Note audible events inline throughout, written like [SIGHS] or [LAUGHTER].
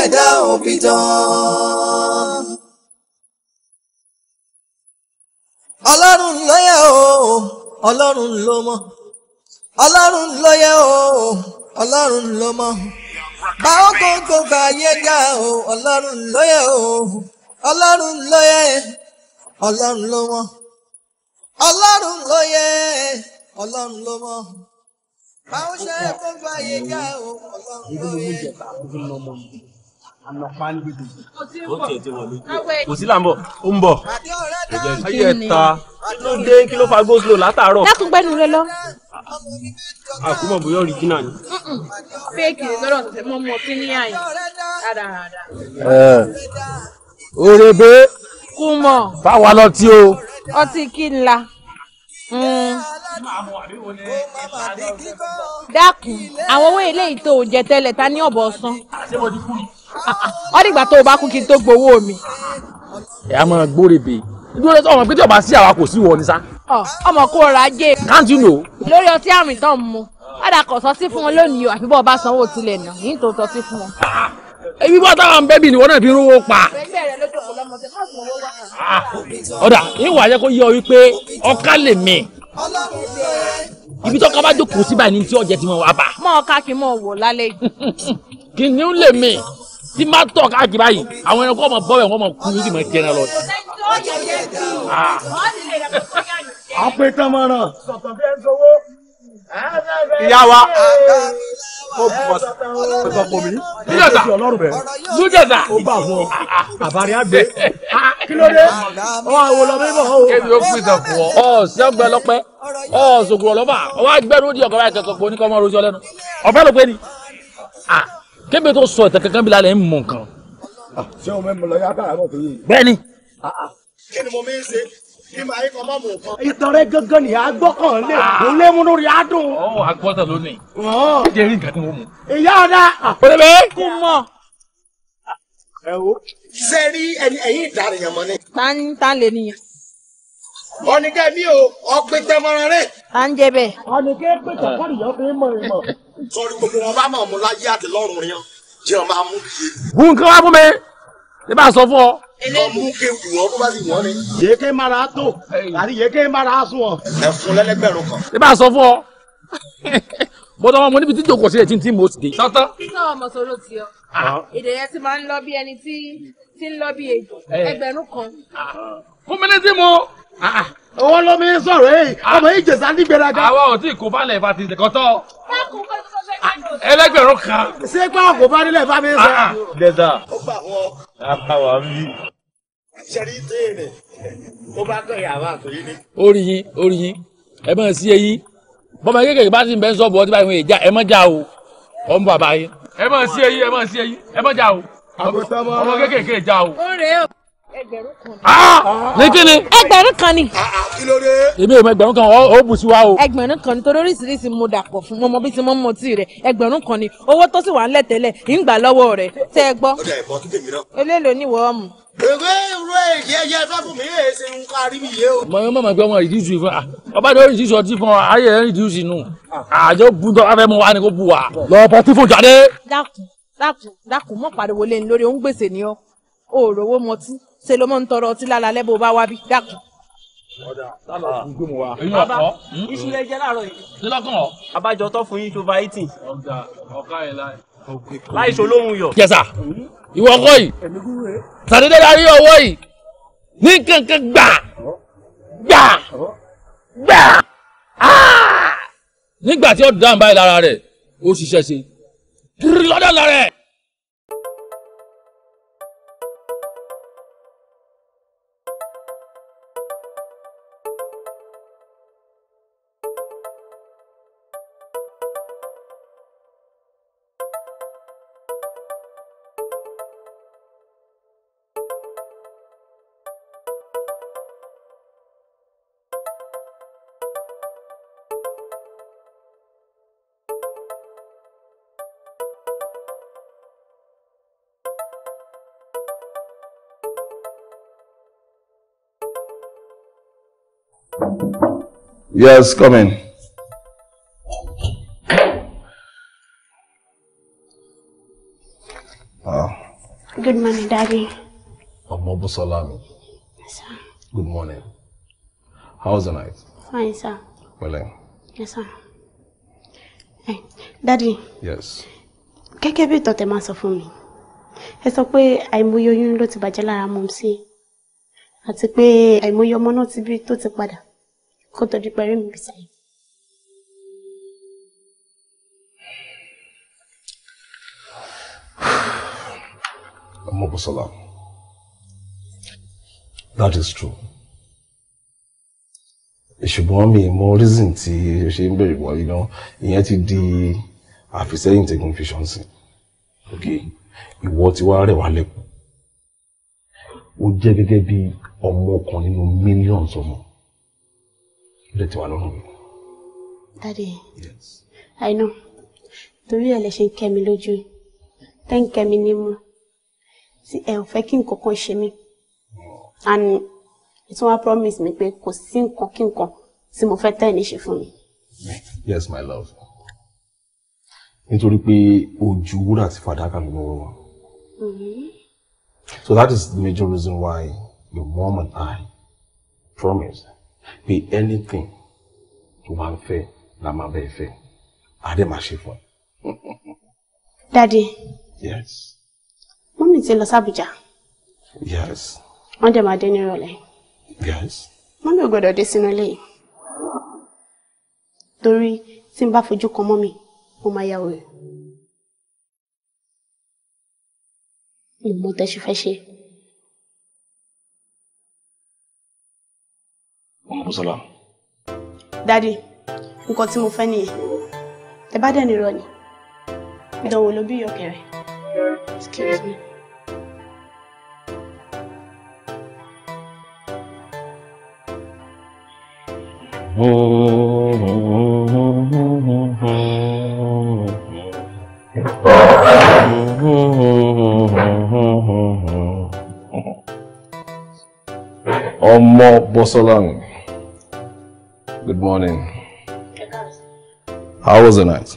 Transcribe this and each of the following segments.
ẹ̀dá òbí tán. ọlọ́run ló o ọlọ́run ló mọ̀ ọlọ́run ló o ọlọ́run ló mọ̀ báwo gbogbo fààyè dá o ọlọ́run ló o ọlọ́run ló yẹ ọlọ́run ló mọ̀ ọlọ́run ló yẹ ọlọ́run ló mọ̀ báwo ṣe gbogbo fààyè dá o ọlọ́run ló ànàpá ń gbèdè. ó tiẹ̀ ti wọ̀ lójú kò sí làǹbọ̀ ó ń bọ̀ ayé ẹ̀ta kí ló dé kí ló fa go látàárọ̀. dákun gbẹnu rẹ lọ. àkúmọ̀ bóyá original ni. fẹ́ẹ̀kì lọ́rọ̀ tẹ̀ mọ́ mọ́ kí ní àyè rádaràdà. Eh, orebe. kùmọ̀. báwa lọ tí o. ọtí kí n la hmm. dákun àwọn owó eléyìí tó jẹ tẹ́lẹ̀ ta ní ọbọ san ọ nígbà tó o bá kú kí n tó gbowó mi. ẹ á máa gbórèbè dúró ọmọ pé ọba sí àwa kò sí wọ ni sá. ọmọ kò rà jẹ. can't you know. lórí ọtí àrùn ìtàn mu padà kò sọtí fún wọn lónìí o àfi bọ́ ọba sanwó tilẹ̀ náà yìí tó sọtí fún wọn. ibi bá táwọn bẹ́bí ni wọ́n náà fi rówó pa. ọ̀dà ìwà ajẹ́ kó yẹ ọ wípé ọ̀ká lè mí ibi tó kábà jókòó síbà ní tí ọ̀jẹ̀ ti mọ̀ wá bá. mọ ọ̀ka kì í mọ̀ wò lálẹ́ yìí. [LAUGHS] kìnìún lè mí tí má tọ̀ káàkiri báyìí àwọn ẹranko ọmọ bọ́ọ̀bẹ̀ wọn mọ̀ kú ní ìmọ̀ jẹ́nà lọ. àpètàmọ̀ràn. Ah. ìyá wa ó bọ̀ pẹ̀pẹ̀ pọ̀ mí. lójàdà lójàdà. ó bà fún ọ ah, ah. àbárí àgbẹ̀. kí ló dé ọ àwọn ọlọmọ ibà ọ. kébi ó pè tán fún ọ. ọ sẹgbẹ lọpẹ ọ sògùn ọlọmọ ọ wá gbẹrú di ọkọ báyìí kẹkọọ oníkọmọ rojọ lẹ́nu ọ̀fẹ́ ló pé ni kébé tó sọ ìtàn kankan bí lálẹ́ ń mọ nǹkan. Ah, ṣé o mẹ́mu lọ yá káàárọ̀ tó yé. bẹ́ẹ̀ni. Ah, ah. kí ni mo mi ń ṣe kí màá yí kan má mọ̀ kan. ìtàn rẹ gangan ni agbọ́kàn lè kó lémúnú rí adùn. ọ agbọ́tà lónìí. ó jẹ́ rí nǹkan tí mo mú. ìyá ọ̀dà. pẹlẹbẹ. kò mọ. ẹ wo. ṣe rí ẹni ẹ̀yìn ìdárayàn mọ́ ni. ta ni ta lè nìyẹn. ọ̀nìkẹ́ mi ò ọ̀pẹ̀ tẹmọ̀ràn rẹ̀. à ń jẹ bẹ́ẹ̀. ọ̀nìkẹ́ pẹ̀tẹ̀ kọ́ni sọrí gbogbo wọn bá máa mú láyé àti lọ́rùn rí hàn jẹ́ máa mú kí. wù nǹkan wá fún mi ní bá a sọ fún ọ. lọ mú ké wù wọn bó bá sì wọ́n ni. yèké mara tó àti yèké mara sùn ọ. ẹ fún lẹ́lẹ́gbẹ̀rún kan. ní bá a sọ fún ọ. [LAUGHS] mo tọ́ ọmọ níbi tí jòkó sílẹ̀ tí ń tí mo ti dé. sọ́tọ́. sísọ ọmọ sọ̀rọ̀ ti ọ èdè yẹn ti máa ń lọ bí ẹni tí ń lọ bí eh. ẹgbẹ̀rún kan. Ah. fún mi ní tí mo. Ah, ah owó ló mi sọ̀rọ̀ èyí eh? ọmọ yìí jèsà nígbèrágá. àwa ò tí kò balẹ̀ ìfà ti ìdẹ̀kọ́ tọ́. ẹlẹgbẹ̀rún kan. ṣé pé àwọn kò bá nílẹ̀ bá mi sọ. Ah, ah. dẹ́sà ó gbà wọ́n. apá wa ń bí. ṣẹ́rí téèrè ó bá kọ̀ ìyàwó àtòyí ni. orí yín orí yín ẹ máa sí eyín bọ́mọ kékeré bá ti ń bẹ́ sọ́ọ̀bù ọtí báyìí ìjà ẹ má jà o ọ̀ ń bàbá yín. ẹ máa sí eyín ẹ máa sí eyín ẹ má jà o ọmọ ní ah! kí ni. ẹgbẹ̀rún kan ni. Ah, ah, èmi ò mọ ẹgbẹ̀rún kan ó bù sí wa o. ẹgbẹ̀rún kan ni torí oríṣiríṣi mo dàpọ̀ fún mọ́mọ́ bí ti mọ́ mọ́ tí rẹ̀ ẹgbẹ̀rún kan ni owó tó sì wà ńlẹ̀ tẹ́lẹ̀ ń gbà lọ́wọ́ rẹ̀ tẹ́ ẹ gbọ́. eléèlò ni wọ́n mú. èwe ìró èyí ẹyẹ fẹ́fún mi èyí ṣe ń kárí mi yé o. mọ̀ mọ̀ pé ọmọ ìdíjú ìfún wa ọba tó ìdíjú ọtí fún wa ayé ẹ̀ ìdíjú nù àjọ bùdó afẹ́ mu wa ni kò bù wa. lọ bọ tí fún jáde. dákun dákun dákun mọ̀ pariwo lé ní lórí òun gbèsè ni ọ́ òòrò owó mọtí ṣe ló mọ̀ ń tọrọ ọtí lálẹ́ bó bá wá bí dákun. Ah. ẹyin ọkọ hmm? iṣu lè jẹ láàárọ̀ yìí. nílọ́kàn ọ. abájọ tó fún yín tó bá ìtì. ọ̀gá ẹ̀ láì. láì ṣolóhùn hmm? ìwọ ọkọ yìí sàdédé darí ọwọ́ yìí ní kankan gbà gbà gbà ah! nígbà tí ó dáhùn báyìí lára rẹ̀ ó ṣiṣẹ́ ṣe kiri lọ́dọ̀ lára Yes, come in. Oh. Good morning, Daddy. Omobusalami. Yes, sir. Good morning. How's the night? Fine, sir. Well, eh? Yes, sir. Hey, eh, Daddy. Yes. Gẹ́gẹ́ bí ìtàn tẹ máa sọ fún mi, ẹ sọ pé àìmọye oyún ló ti bàjẹ́ lára mọ̀ sí àti pé àìmọye ọmọ náà ti bí tó ti padà kó tó di pẹ̀lú mi bìtà yìí. Mobusola, that is true. Ṣùgbọ́n mi mọ reason tí o ṣe ń bẹ̀rẹ̀ wọ́n iná ìyẹn ti di àfisẹ́yìn tẹ̀gùn fíṣọ́nsì. Ìwọ ti wá rẹ̀ wá lẹ́kùn. Ó jẹ́ gẹ́gẹ́ bí ọmọ kan nínú millions ọmọ lè ti wà mi. Daddy. Yes. I know. Torí ẹ̀ lè ṣe ń kẹ́ mi lójú. Tẹ́ ń kẹ́ mi nímú. Tí ẹ ò fẹ́ kí nǹkan kan ṣe mí. And ìtí wọ́n promise mi pé kò sí nǹkan kí nǹkan tí mo fẹ́ tẹ́ ẹ̀ níṣe fún mi. Yes, my love. Nítorí pé ojú wúrà ti fàdákà ló lọ́wọ́ wọn. So that is the major reason why your mom and I promise. Be anything to bá ń fẹ́ la máa bẹ́ẹ̀ fẹ́ adé máa fun? Daddy. yes. mọ́mí ti lọ sábùjá. yes. wọ́n dẹ̀ máa dé nírọ̀lẹ́. yes. mọ́mí ò gbọ́dọ̀ dé sínú ilé yìí torí tí n bá fojú kan mọ́mí ó máa yà wẹ̀. ìmọ̀ tẹ́ ṣe ọmọ bùsọ̀lá. dádì nǹkan tí mo fẹ́ nìyẹn ẹ bá dẹ̀ nírọ̀ ni ìdánwò ló bí ìyọkẹrẹ. excuse me. ọmọ bọ́sọ́lá ni morning. How was the night?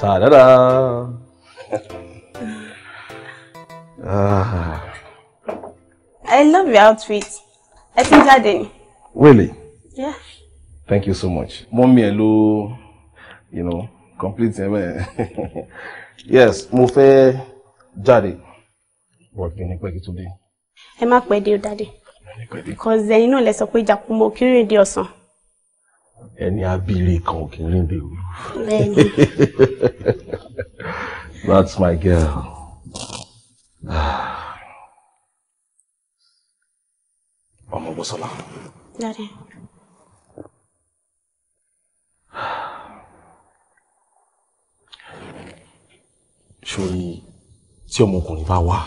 Ta-da-da! ah. I love your outfit. Ẹ ti jáde. Really? Yeah. Thank you so much. Mommy ẹ ló, you know, complete ẹ [LAUGHS] Yes, mo fẹ́ jáde. Wọ́n fi ní pẹ́kí tó dé. Ẹ má pẹ́ dé o, Because you know, let's go pé ìjà We're going to do something ẹni abiri kan ò kí n that's my girl. [SIGHS] ọmọ Bọ́sọ́lá. sori [SIGHS] tí ọmọkùnrin bá wà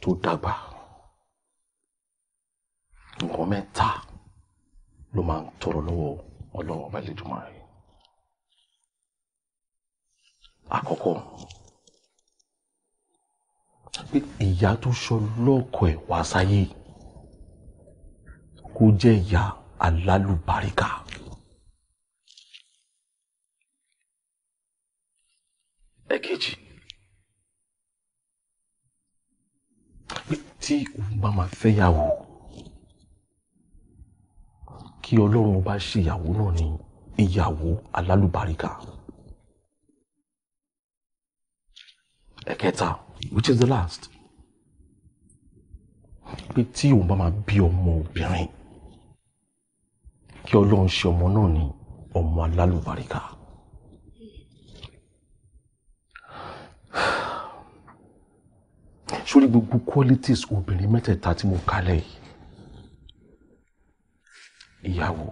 tó dàgbà nǹkan mẹ́ta ló máa ń tọrọ lọ́wọ́ ọlọ́run ọba Elédùmarè àkọ́kọ́ pé ìyá tó sọ lọ́kọ̀ ẹ̀ wá sáyé kó jẹ́ ìyá alálùbáríkà. ẹ̀kejì pé tí òun bá máa fẹ́yàwó kí ọlọ́run bá ṣe ìyàwó náà ní ìyàwó alálùbáríkà. ẹ̀kẹta which is the last pé tí òun bá máa bí ọmọ obìnrin kí ọlọ́run ṣe ọmọ náà ní ọmọ alálùbáríkà. sórí gbogbo qualities obìnrin mẹ́tẹ̀ẹ̀ta tí mo kalẹ̀ yìí ìyàwó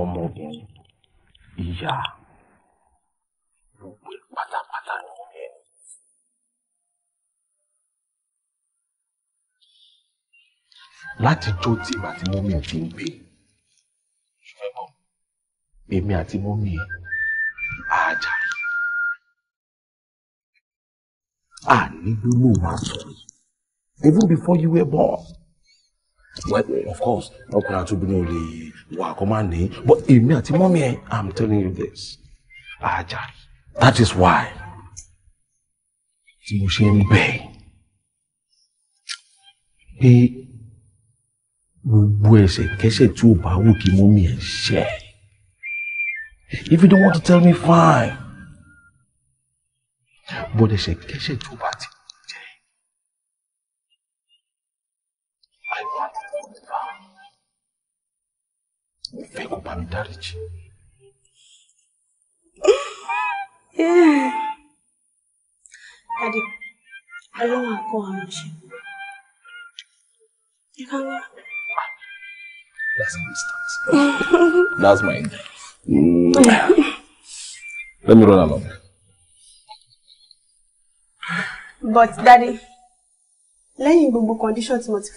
ọmọbìnrin ìyá gbogbo ẹ pátápátá ni wọn yẹn. láti jó tí èmi àti mọ́mí ẹ̀ ti ń gbé èmi àti mọ́mí ẹ̀ àjà àní gbólóhùn àtọ̀ even before you were born well of course ọkùnrin àti obìnrin ò lè wà kó má ní but èmi àti mọ́mí i'm telling you this ajá that is why tí mo Bay. He bẹ̀ pé gbogbo ẹ̀ṣẹ̀ kẹ́ṣẹ̀ tí ò bá wù kí mọ́mí ẹ ṣẹ̀ if you don't want to tell me fine but ẹ̀ṣẹ̀ kẹ́ṣẹ̀ tí ò bá ti fẹ́ kó bá mi dáríjì. Dadi, ọlọ́run àkọ́ àrùn ṣe. You can go. That's my stance. That's my end. Mm. Let me run along. But Daddy, lẹ́yìn gbogbo condition tí mo ti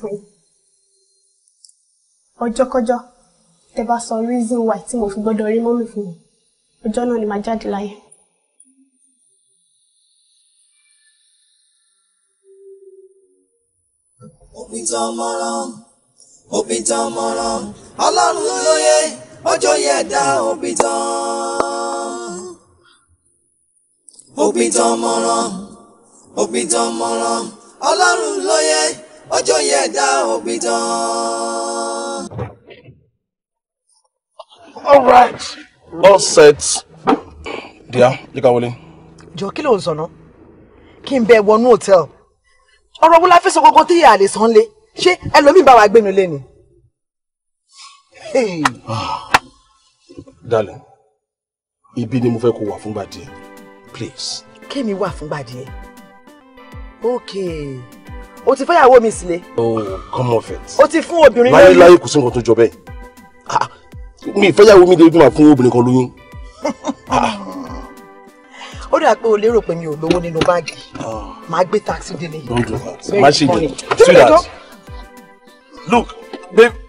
Ojo, yín, tẹ bá sọ reason why tí mo fi gbọ́dọ̀ rí mọ́mì fún mi ọjọ́ náà ni màá jáde láyé. òbí tán mọ́rán òbí tán mọ́rán ọlọ́run lóye ọjọ́ yẹ dá òbí tán. òbí tán mọ́rán òbí tán mọ́rán ọlọ́run lóye ọjọ́ yẹ dá òbí tán all right all set díà jẹ́ ká wọlé. jọ kí ló ń sọnà kí n bẹ wọnú hòtẹ́ẹ̀lì ọ̀rọ̀ wo la fẹ́ sọ kọ́kọ́ tí ìyá àlè sàn lé ṣé ẹlòmíì bá wa gbénu lé ni. darling ibi ni mo fẹ́ kó wà fúngbà díẹ̀ please. kémi wà fúngbà díẹ̀ ok o ti fẹ́yàwó mi sílẹ̀. oh come off it. o ti fún obìnrin lórí. láyé láyé kò sí nǹkan tó jọ bẹ́ẹ̀ ah, mi ìfẹ́yàwó mi débi máa fún obìnrin kan lóyún. ó dà pé o lérò pé mi ò lówó nínú báàgì máa gbé taxi délé. má ṣe jẹ sweetheart look babe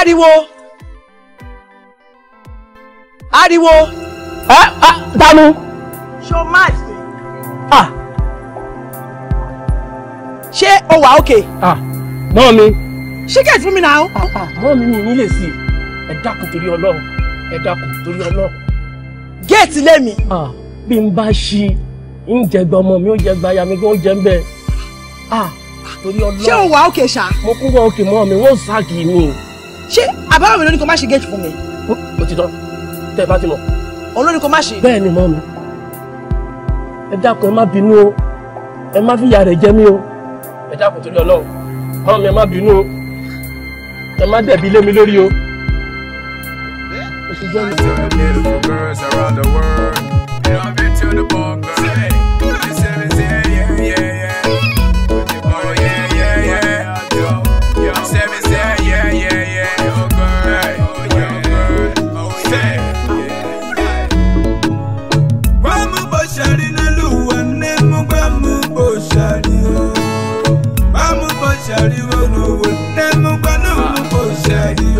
ariwo ariwo ẹ ẹ dànù. ṣo mad. ah ṣé o wà okay. ah mọ́ mi. ṣé kẹ́ẹ̀ fún mi náà. ah ah mọ́ mi ní ilé sí i ẹ dákun torí ọlọ́run ẹ dákun torí ọlọ́run. géètì lẹ́mi. ah bí n bá ṣí ń jẹgbẹ ọmọ mi ó jẹgbẹ aya mi kí wọ́n jẹ ń bẹ́ẹ̀. ah torí ọlọ́run. ṣé o wà okay ṣá. mo kúrò okay mọ́ mi wọ́n sáàkì mi ṣé àbáwọ̀ mi ló ní kó má ṣe géètì fún mi. ó ti tán tẹ́ bá ti mọ̀. òun má ṣe. bẹ́ẹ̀ ni mọ́ mi ẹ dákun ẹ má bínú o ẹ má fìyà rẹ̀ jẹ mí o ẹ dákun torí Ọlọ́run mọ́ mi ẹ má bínú o ẹ má dẹ̀bi lé mi lórí o. ó jẹ́ mi. side.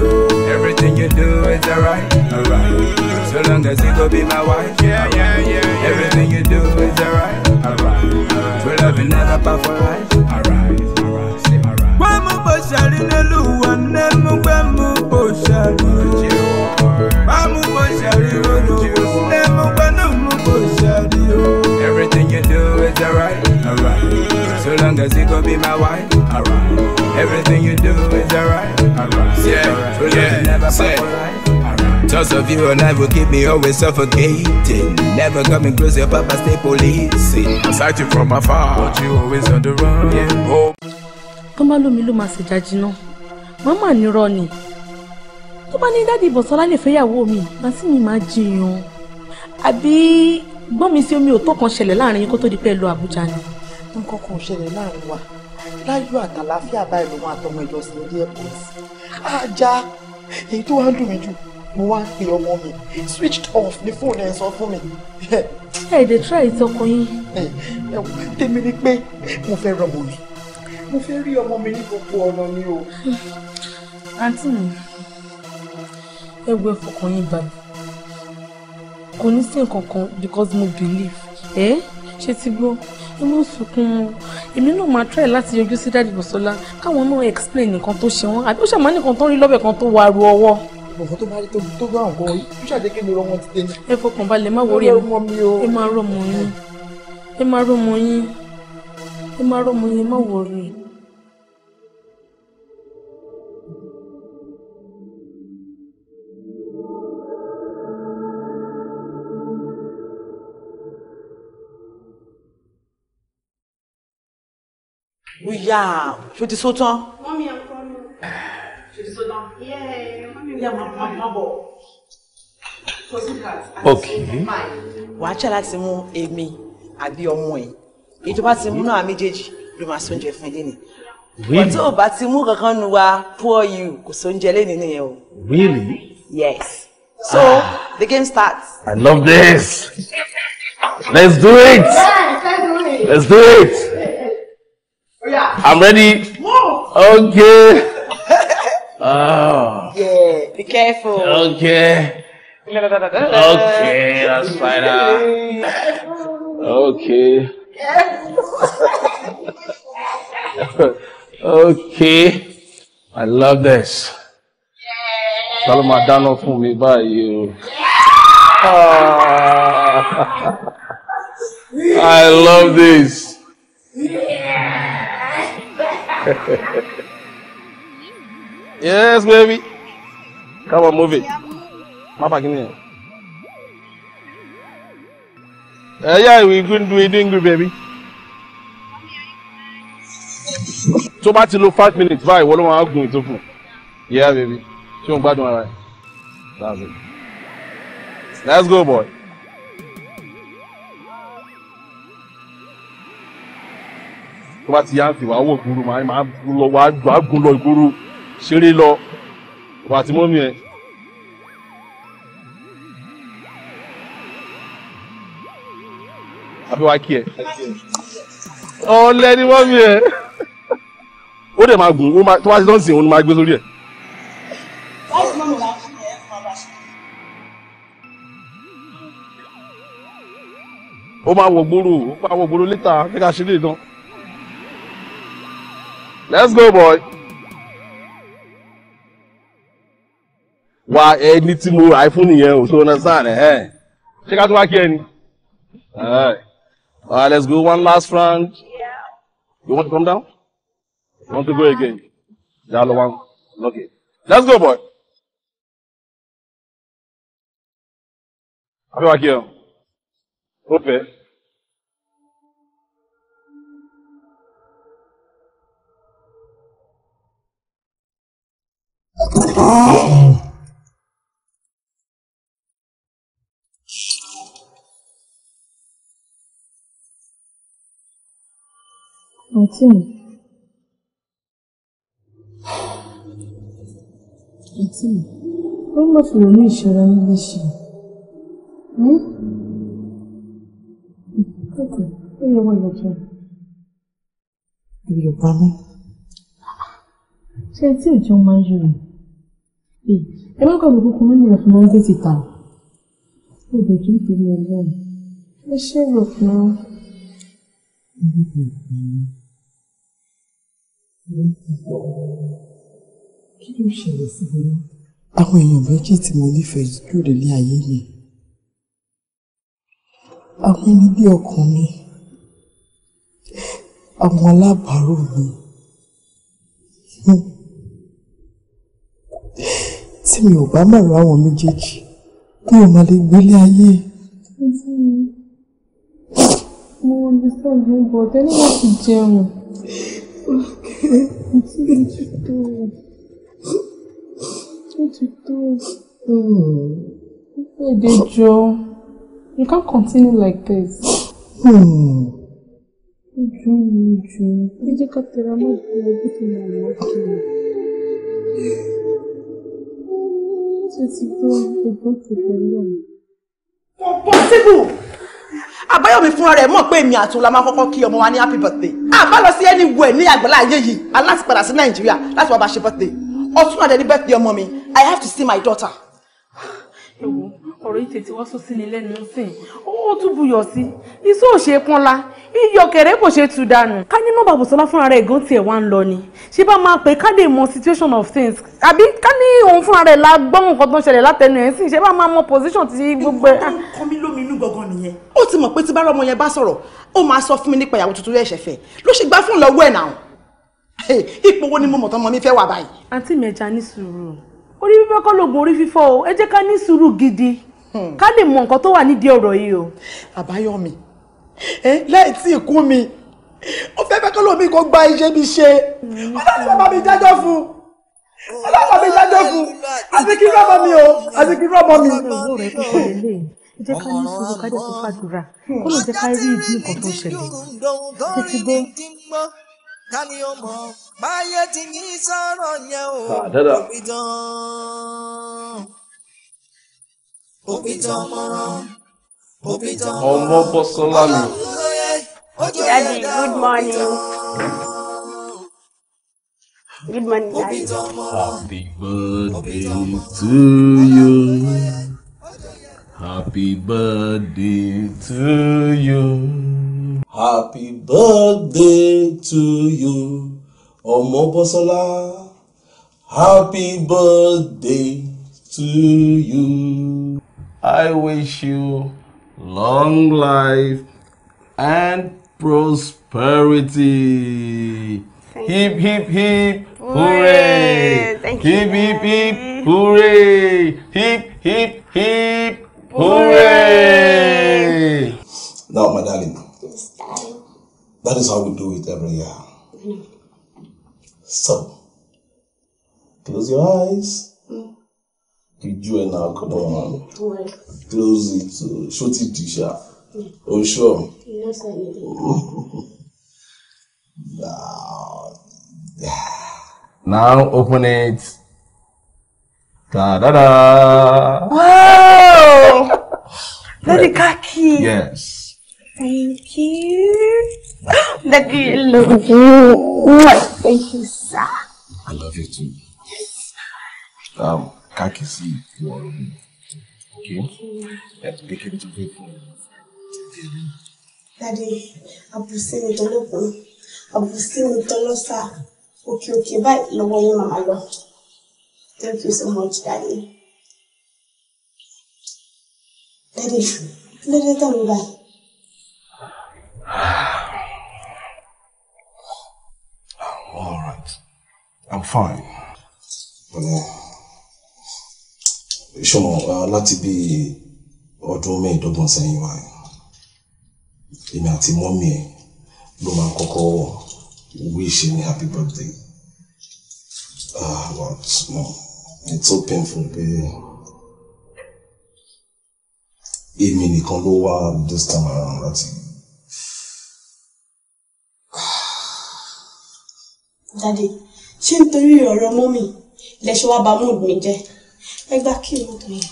Everything you do is alright, alright. So long as you go be my wife, yeah, yeah, yeah. Everything you do is alright, alright. we love loving that for life, alright, alright, Everything you do is alright, alright. So long as you go be my wife, alright. Everything you do is alright. Yeah, yeah, never yeah. of you and I will keep me always suffocating. Never coming close, your papa stay policing. I sight you from afar, but you always on the run. Yeah. Oh. Tó bá lómi ló máa ṣèjà jiná, màmá nírọ́ ni. Tó bá ní dáàdi Bọ̀sọ́lá lè fẹ́yàwó mi, màá sì ní máa jiyàn. Àbí gbọ́n mi sí omi òótọ́ kan ṣẹlẹ̀ láàrin yín kó tó di pé ẹ lọ Àbújá ni. Nǹkan kan ò ṣẹlẹ̀ láàrin wa láyọ̀ àtàláfíà báyìí lòun àtọmọ ìjọ sí ilé ẹ̀kọ́ sí ajá èyí tó wá ń dùn mí jù mo wá ń pe ọmọ mi switched off ní fóònù ẹ̀ sọ fún mi. ẹ dẹ̀ try ìtọkọ yín. ẹ ẹ tèmi ni pé mo fẹ́ rọmọ mi mo fẹ́ rí ọmọ mi ní gbogbo ọ̀nà mi o. àǹtí mi ẹ gbé fọkàn yín balẹ̀ kò ní sí nǹkan kan because mo believe ẹ ṣe ti gbọ́ ẹ má sunkún wọn èmi náà máa try láti yọjú sí dáàdì bọ̀sọ́lá káwọn náà explain nǹkan tó ṣe wọn àbí ó ṣàmá nìkan tó rí lọ́bẹ̀ kan tó wà ru ọwọ́. bọ̀fọ́ tó bá rí tó bá nǹkan ó ṣàjẹ́kẹ́ mi rọ wọn ti dé ní. ẹ fọkàn balẹ̀ má wọrí ẹ má rọmọ yín ẹ má rọmọ yín ẹ má rọmọ yín má wọrí. Bóyá ṣo ti só tán. Mọ́mí ẹ̀kọ́ mi. Ṣo ti só tán. Yẹ́ mọ́mí má bọ̀. Ok. Wàá ṣe láti mú èmi àbí ọmọ ẹ̀. Èyí tó bá ti mú náà méjèèjì ló máa sóúnjẹ fún ilé ni. Really? Tó o bá ti mú poor you kò sóúnjẹ lé nínú yẹn Really? Yes. So ah, the game starts. I love this. Let's do it. Yes, let's do it. Let's do it. I'm ready. Okay. Oh. [LAUGHS] Yeah, be careful. Okay. Okay, that's fine. Ah. Okay. [LAUGHS] okay. I love this. Salama dáná fún mi báyìí o. [LAUGHS] I love this. Yeah. [LAUGHS] yes, baby. Come on, move it. Papa, give me. Uh, yeah, we couldn't do it, doing baby. Tó much, ti lo five minutes báyìí, wọ́n ló máa gùn to fún. Yeah, baby. Ṣé bad ń right? That's it. Let's go, boy. tó bá ti yá ń fi wàá wò gbúrú màá máa lọ wàá gùn lọ ìgboro ṣeré lọ wà á ti mọ́mí ẹ. àbí wàá kí ẹ. ọ̀lẹ ni mọ́mí ẹ. ó dẹ̀ máa gùn tó bá ti tán sìn òun ni máa gbé sórí ẹ̀. ó máa wọ̀ gbòòrò ó máa wọ̀ gbòòrò létà kí ká ṣe lè dán let's go boy. wa ẹni eh, tí mo rà fún nìyẹn o tó ná sáà rẹ ẹ ṣé ká tó wá kí ẹni. all right let's go one last round yeah. you want to come down you want to go again jalo one okay let's go boy. àbí wá kí ẹ o fẹ́. Àǹtí mi. Àǹtí mi. Wọ́n mọ̀ fi ronú ìṣọ́ra yín léṣe. ó yẹ wọ ìyọ̀jọ́. Ìyọ̀pá mi. Ṣé tí òjò máa ń yọ̀ ẹ má kàn lóko kúrú ní ẹ̀fọn máa ń tètè tà ó òbò tó ń pè ní ọlọ́run ẹ ṣe rò fún ọ. kí ló ṣẹlẹ̀ sí mi náà. àwọn èèyàn méjì tí mo nífẹ̀ẹ́ jùlọ ní ayé mi àwọn ẹni bí ọkàn mi àwọn alábàárò mi tí mi ò bá mọ̀ ráwọn méjèèjì mi ò má lè gbélé ayé. mo understand you but ẹni wọ́n ti jẹun. ó ti tó ó ti tó ó fẹ́ dé jọ you can't continue like this. ojú mi ojú mi ẹ jẹ́ ká tẹ̀ra mọ́ ìpínlẹ̀ bí kò ní àwọn ọkùnrin ṣe ti gbọ́ ẹ̀gbọ́n tó pẹ̀lú mi. possible àbáyọ̀mí fúnra rẹ̀ mọ̀ pé èmi àtúnla máa kọ́kọ́ kí ọmọ wa ní happy birthday àbá lọ sí anywhere ní àgbàlá ayé yìí aláti padà sí nàìjíríà láti wá bá ṣe birthday ọtún àdẹni birthday ọmọ mi i have to see my daughter ewu ọ̀rọ̀ yìí tètè wá sún sí ni lẹ́nu nísìnyí ó tún buyọ̀ sí iṣẹ́ ò ṣe pọ́nla iyọ̀ kẹ̀rẹ́ kò ṣe tú dànù. ká ní nọ́mbà Bùsọ́lá fúnra rẹ̀ gan tiẹ̀ wá ń lọ ni ṣé bá máa pè ká lè mọ situation of things àbí ká ní òun fúnra rẹ̀ la gbọ́ nǹkan tó ń ṣẹlẹ̀ látẹnu ẹ̀ sìn ṣé bá máa mọ position ti gbogbo ẹ̀. nǹkan mi lómi inú gangan nìyẹn ó ti mọ̀ pé tí bá rọ́mọ yẹn bá sọ̀rọ̀ ó máa sọ fún mi nípa ìyàwó tuntun ẹ̀ṣẹ̀ fẹ́ ló ṣe gbá fún lọ́wọ́ ẹ̀ náà ipò wo ni mo mọ̀ tán mọ́ mi fẹ́ wà báyìí. àǹtí mi ẹja ní sùúrù orí fífọ́ kọ́ lóògùn orí fífọ́ o ẹ jẹ́ ká ní sùúrù gidi hmm. ká lè mọ nǹkan tó wà nídìí ọ̀rọ̀ yìí o. àbáyọmí ẹ láì tí ì kú mi ó fẹ́ fẹ́ kọ́ lómi kó gba iṣẹ́ mi ṣe ọlọ́run bàbá mi dájọ́ fún ọlọ́run mi dájọ́ fún àti kí rọ́mọ mi o àti kí rọ́mọ mi. jẹ́ ká ní sùúrù ká jẹ́ kó fàdúrà kó lè jẹ́ ká rí ìdí nǹkan tó ṣẹlẹ̀ títí dé tani ó mọ ọmọ bọ́sọ́lá mi. Daddy, good morning. Good morning, Daddy. Happy birthday to you. Happy birthday to you. Happy birthday to you, Omobosola. Happy birthday to you. I wish you long life and prosperity. Thank hip, you. hip, hip, hooray! Thank hip, you. hip, hip, hooray! Hip, hip, hip, hooray! Now, my darling. That is how we do it every year. So, close your eyes. Mm. Did you and I come on? Well. Close it. Show it to Tisha. Mm. Oh, sure. Yes, I did. now, now open it. Da da da. Wow! Very cocky. Yes. Thank you. Daddy, [LAUGHS] I love you. Thank you, sir. I love you too. Yes, sir. Um, Kakisi, you are me. Okay? Let's take it to people. Daddy, I'm mi with àbùsí mi tọ́lọ́sà, Okay, okay, bye. No yín Mama lọ. Thank you so much, Daddy. Daddy, let lórí tẹ̀lé báyìí. Fine. Ṣọmọ láti bí ọdún mẹ́ẹ̀ẹ́dọ́gbọ̀n sẹ́yìn wa èmi àti mọ́mí ẹ̀ ló máa ń kọ́kọ́ wíṣe ní happy birthday. Ah, but no, it's so painful pé èmi nìkan ló wá this time around láti. Daddy ṣé nítorí ọ̀rọ̀ mọ́mì lẹ́ṣọ́ wá ba mood mi jẹ́ ẹ gbá kí ni tó yẹ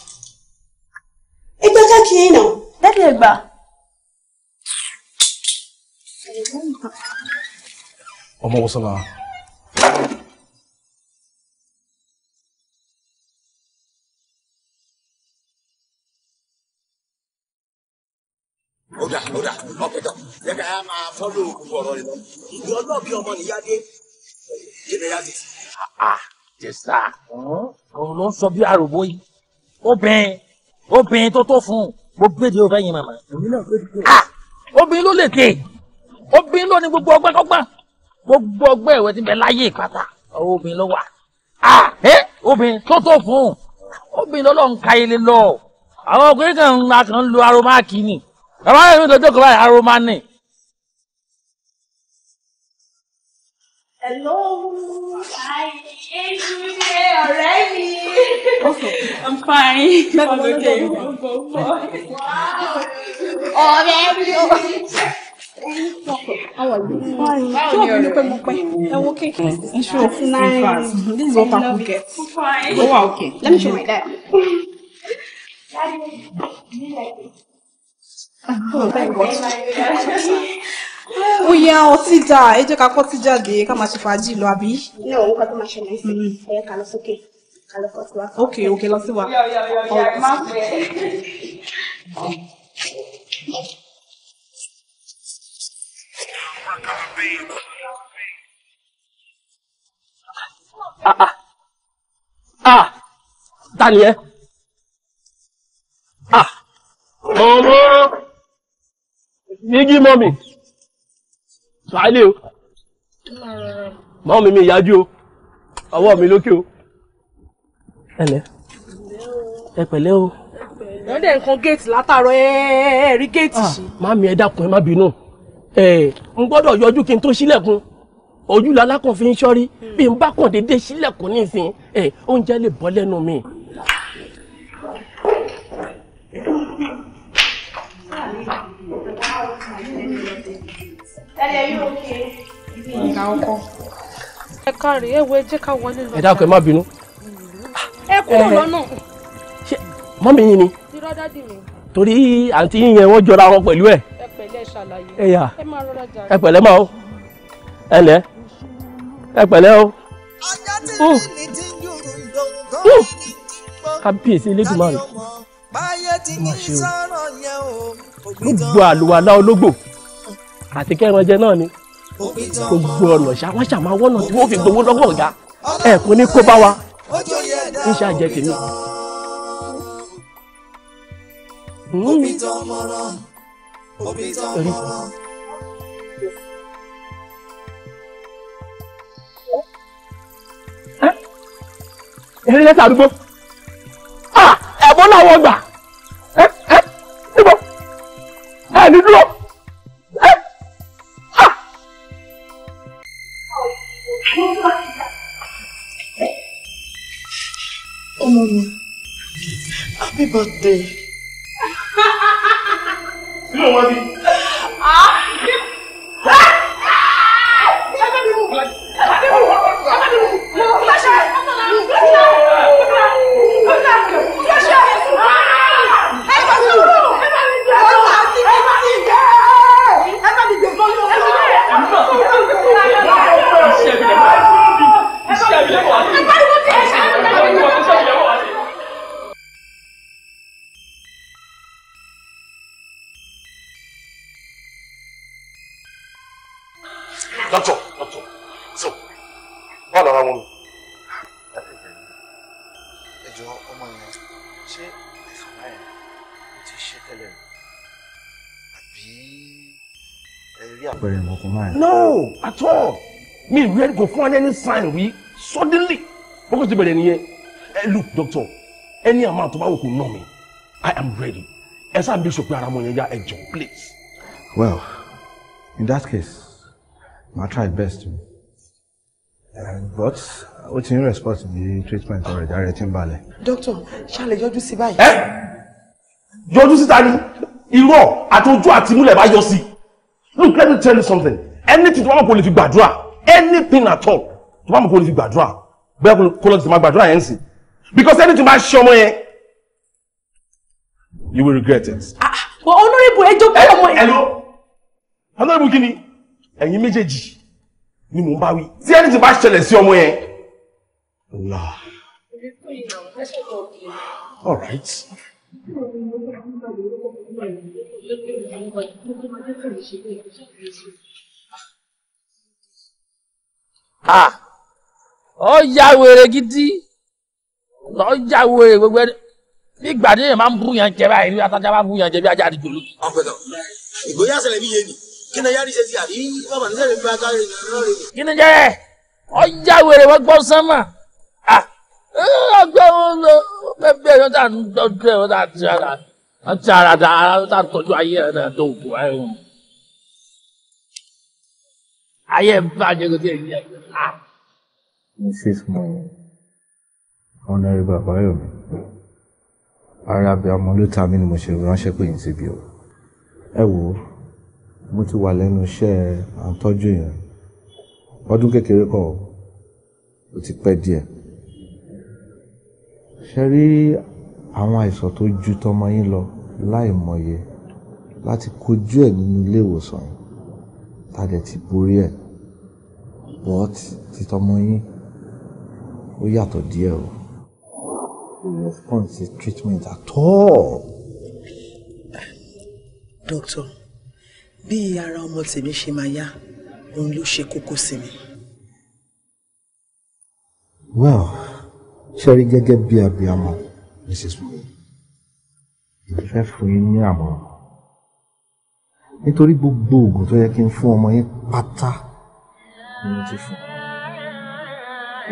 ẹ gbá ká kí ni náà. dádì gbà. ọmọ wo sọlá. ó dà ó dà ọ̀pẹ̀tọ̀ yẹ ká máa fọ́lọ́ òkú ọ̀rọ̀ rẹ̀ lọ ìgbẹ́ ọlọ́ọ̀bí ọmọ nìyá dé Ah, jẹ̀sà òun ló ń sọ bí arúgbó yìí obìnrin obìnrin tó tó fún un mo gbèdé o fẹ́ màmá ah, obìnrin ló lè ké obìnrin ló ní gbogbo ọgbẹ́ kọ́gbọ́n gbogbo ọgbẹ́ ìwé ti bẹ láyé ìpàtà obìnrin ló wà ah, obìnrin tó tó fún un obìnrin ló lọ ń ka ilé lọ àwọn ọkùnrin kan ń lo aromáàkì ni bàbá mi ló dé kọ́ báyìí aromáàkì Hello. Hi. Hey, already. Okay. I'm fine. That's I'm okay. Wow. Oh, there we go. How are you? Fine. How are you? I'm okay. I'm sure. It's nice. This is what I could Oh, okay. Let me show my dad. Daddy, do you like it? Oh, thank God ó yẹ ọtí dà ẹ jẹ́ ká kọ́ tí jáde ká máa ṣe fàájì lọ àbí. náà òun kọ́ tó máa ṣẹlẹ̀ sí ẹ̀yẹ ká lọ sókè ká lọ kọ́ tiwa. ok ok lọ sí wa. ah ah ah ta ni ẹ ah mọ̀mọ́ yígí mọ́mì sàálẹ̀ o máa mímí ìyájú o ọwọ́ mi lókè o. ẹlẹ ẹ pẹ̀lẹ́ o. wọ́n dẹ̀ nǹkan géètì látàárọ̀ ẹ rí géètì ah, sí. má mi ẹ dákun ẹ má bínú ẹ n gbọ́dọ̀ yọjú kí n tó ṣílẹ̀kùn ojú lalákùn fi ń ṣọ́rí bí n bá kàn déédéé ṣílẹ̀kùn nísìnyí ẹ oúnjẹ lè bọ́ lẹ́nu mi. ọ̀gá ọkọ. ẹ káre ẹ wo ẹ jẹ́ ká wọlé lọ. ẹ dákun ẹ má bínú. ẹ kúrò lọ́nà. mọ́mí yín ni. irọ́ dádì mi. torí àǹtí yín yẹn wọ́n jọra wọn pẹ̀lú ẹ̀. ẹ pẹ̀lẹ́ ṣàlàyé. ẹ yà ẹ pẹ̀lẹ́ máa o ẹ lẹ́ ẹ pẹ̀lẹ́ o. kábíyèsí elédùnmáà rẹ̀. báyé gbogbo àlùwàlá ológbò àti kẹrànjẹ náà ni gbogbo ọ̀nà ṣá wọ́n ṣàmà wọ́nà tí wọ́n fi gbowó lọ́wọ́ ọ̀gá ẹ̀kún ní kó bá wa ń ṣàjẹ tèmi. eré lẹ́tà àdúgbò ẹ̀bọ́n náà wọ́n gbà. day. kò fún wa ní any sign rí suddenly bókò ti bẹ̀rẹ̀ nìyẹn ẹ look doctor ẹni àmọ́ àtọ́wá wò kò ná mi i am ready ẹ sáà bí sọpé ara mọ yẹn yá ẹ jọ please. well in that case ma try best to uh, eh, but o ti n respond the treatment already ara ti n balẹ̀. doctor ṣàlẹ̀ yọjú sí báyìí. ẹ eh? yọjú síta ni irọ́ àti ojú àti múlẹ̀ bá yọ sí look let me tell you something anything tí wọ́n kò lè fi gbàdúrà anything at all tó bá mọ̀ kó lè fi gbàdúrà bẹ́ẹ̀ kó lọ́ọ́ ti máa gbàdúrà yẹn sì because anything bá ṣe ọmọ yẹn you will regret it. but ah, ah, honourable ẹjọ́ kí eh, ọmọ yẹn. hello honourable kí ni ẹ̀yin méjèèjì ni mò ń bá wí tí anything bá ṣẹlẹ̀ sí ọmọ yẹn. all right. Thank you ọ wèrè gidi ọ wèrè gbogbo ẹni bí ìgbà tí máa ń bú yàn jẹ báyìí atajà máa ń bú yàn jẹ ajá àdìjò lójú. ọ̀pẹ̀tọ̀ ìgbóyà ṣẹlẹ̀ bí yé ni kí ni yára ṣe àbí bàbá ní ṣẹlẹ̀ bí bá kárí náà rè. kí ni jẹ́ ọ wèrè wọ́n gbọ́ sánmà ọgbẹ́ wọn bẹ́ẹ̀ bẹ́ẹ̀ yóò tà ń tọ́jú ẹ̀ wọ́n tà ń tọ́jú ayé ẹ̀ náà tó òkú ayé wọn ayé bàjẹ́ kò tí ì yẹ. mrs moyo honorable abayomi ara bíi amọlóta mi ni mo ṣe ránṣẹ́ pé yín síbi o ẹ wò ó mo ti wà lẹ́nu iṣẹ́ àtọ́jú yẹn ọdún kékeré kọ́ ó ti pẹ́ díẹ̀ ṣe rí àwọn àìsàn tó ju tọmọ yín lọ láìmọye láti kojú ẹ̀ nínú ilé ìwòsàn yìí tá a dẹ̀ ti borí ẹ̀ but títọ́mọ yín ó yàtọ̀ díẹ̀ o kò respond treatment at all. doctor bí ara ọmọ tèmi ṣe máa yá òun ló ṣe kókó sí mi. well ṣe rí gẹ́gẹ́ bí abiyamọ mrs wade ìfẹ́ fún yín ní àmọ̀ràn nítorí gbogbo oògùn tó yẹ kí n fún ọmọ yín pátá ni mo ti fún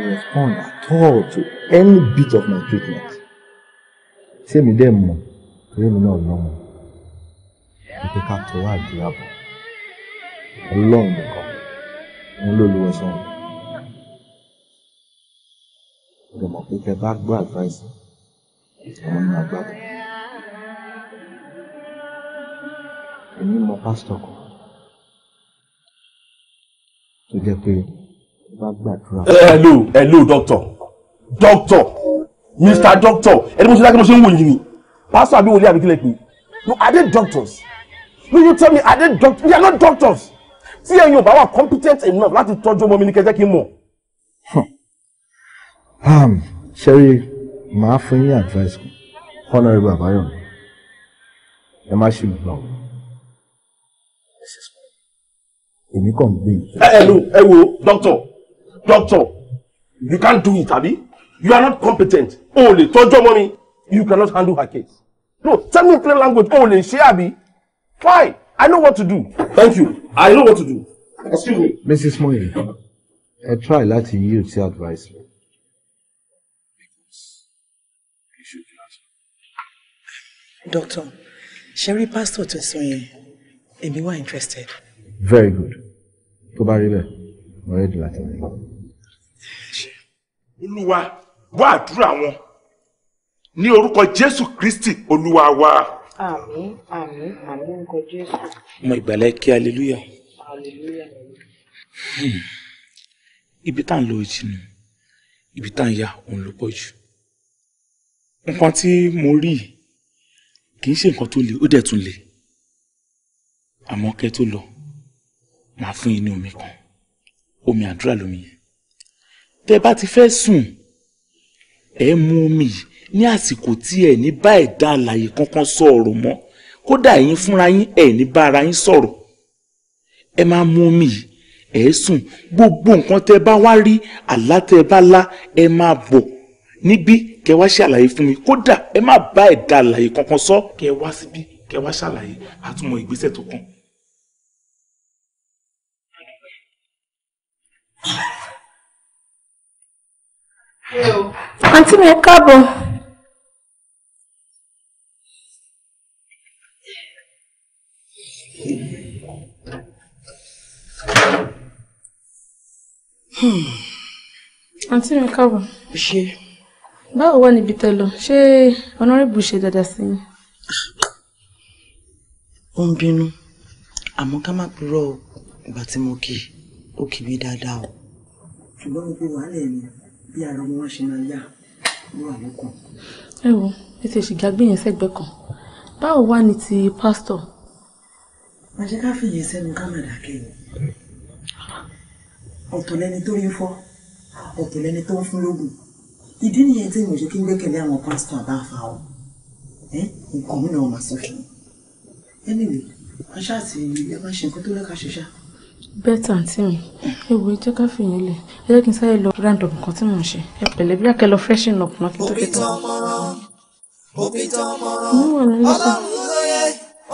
un respond at all to any bit of my treatment ṣé mi dẹ́ mọ̀ torí mi náà lọ́mọ ìpè ká tó wá àdúrà bọ̀ ọlọ́run nìkan òun ló lu ọsàn ọ̀rọ̀ mọ̀ pé kẹ bá gbọ́ advice àwọn ní agbára. èmi mọ pásítọ̀ kan tó jẹ́ pé ó bá gbàdúrà. Eh, hello hello doctor doctor mr doctor ẹni mo ṣe dákẹ́ mo ṣe ń wò yìí ni pásítọ̀ àbí wòlíì àbí kílẹ̀ pé no are they doctors no you tell me are they doctors they are not doctors tí ẹ̀yin ò bá wà competent enough láti tọ́jú ọmọ mi ní kẹjẹ́ kí n mọ̀. Hmm. Um, ṣeré màá fún yín advice honourable àbáyọ̀mí ẹ má ṣe gbà wọ́n èmi kàn gbé ìtọ́. ẹ ẹ lo ẹ wo doctor doctor you can't do it abi you are not competent o ò lè tọ́jú mi you cannot handle her case no tell me in plain language o ò lè Why? i know what to do thank you i know what to do excuse me. mrs moye I try letting you to advise me. doctor Sherry passed pásítọ̀ tó sọ èmi wà interested. very good tó bá rí bẹ́ẹ̀ mo rẹ́dí láti rí. olúwa wá àdúrà wọn ní orúkọ jésù kristi olúwa wa. àmín àmín àmín orúkọ jésù. ọmọ ìgbàlẹ̀ kí hallelujah. hallelujah. Hmm. ibi tá à ń lọ ìjìnà ibi tá à ń ya òun ló pọ̀ jù nǹkan tí mo rí kì í ṣe nǹkan tó le ó dẹ̀ tún le àmọ́ kẹ́ tó lọ màá fún yín ní omi kan omi àdúrà lómi yẹn tẹ́ bá ti fẹ́ sùn ẹ mu omi yìí ní àsìkò tí ẹ ní bá ẹ̀dá àlàyé kankan sọ̀rọ̀ mọ́ kódà yín fúnra yín ẹ ní bá ara yín sọ̀rọ̀ ẹ máa mu omi yìí ẹ sùn gbogbo nǹkan tẹ́ bá wá rí àlá tẹ́ bá lá ẹ máa bọ̀ níbí kẹ́ wá ṣàlàyé fún mi kódà ẹ má bá ẹ̀dá àlàyé kankan sọ kẹ́ wá síbí kẹ́ wá ṣàlàyé àtúmọ̀ ìgbésẹ̀ tó kàn. àǹtí mi káàbọ̀. àǹtí hmm. mi káàbọ̀. ṣé. báwo wà níbi tẹ́ lọ ṣé ọ̀nàrẹ́bù ṣe dáadáa sí yín. ó ń bínú àmọ́ ká má purọ́ ìgbà tí mo kì í ó kì mí dáadáa o. ṣùgbọ́n gbogbo wàhálà ẹ̀mí bí ara ọmọ wọn ṣe máa yá ló wà lókàn. ẹ wo ètò ìṣìgá gbìyànjú sẹ́gbẹ̀ẹ́ kan báwo wá ní ti pásítọ̀. màá ṣe ká fìyẹn sẹ́nu ká má dákẹ́ ni ọ̀tọ̀ lẹni tó ń fọ́ ọ̀tọ̀ lẹni tó ń fún lóògùn ìdí nìyẹn tí mo ṣe kí n gbẹ́kẹ̀lé àwọn pásítọ̀ àbáfà o nǹkan mìíràn wọn máa sọ fún mi. anyway aṣáàtì ilé máa ṣe nǹkan tó lẹ́ka ṣe ṣáà bẹ́ẹ̀tà àǹtí mi ewu ẹ jẹ́ ká fìyẹn lẹ̀ ẹ jẹ́ kí n sáré lọ round up nǹkan tí mò ń ṣe ẹ pẹ̀lẹ́ bí akẹ́ lọ freshen up náà kí n tó kí n tó. òbí tán mọ́rán ọlọ́run ló yẹ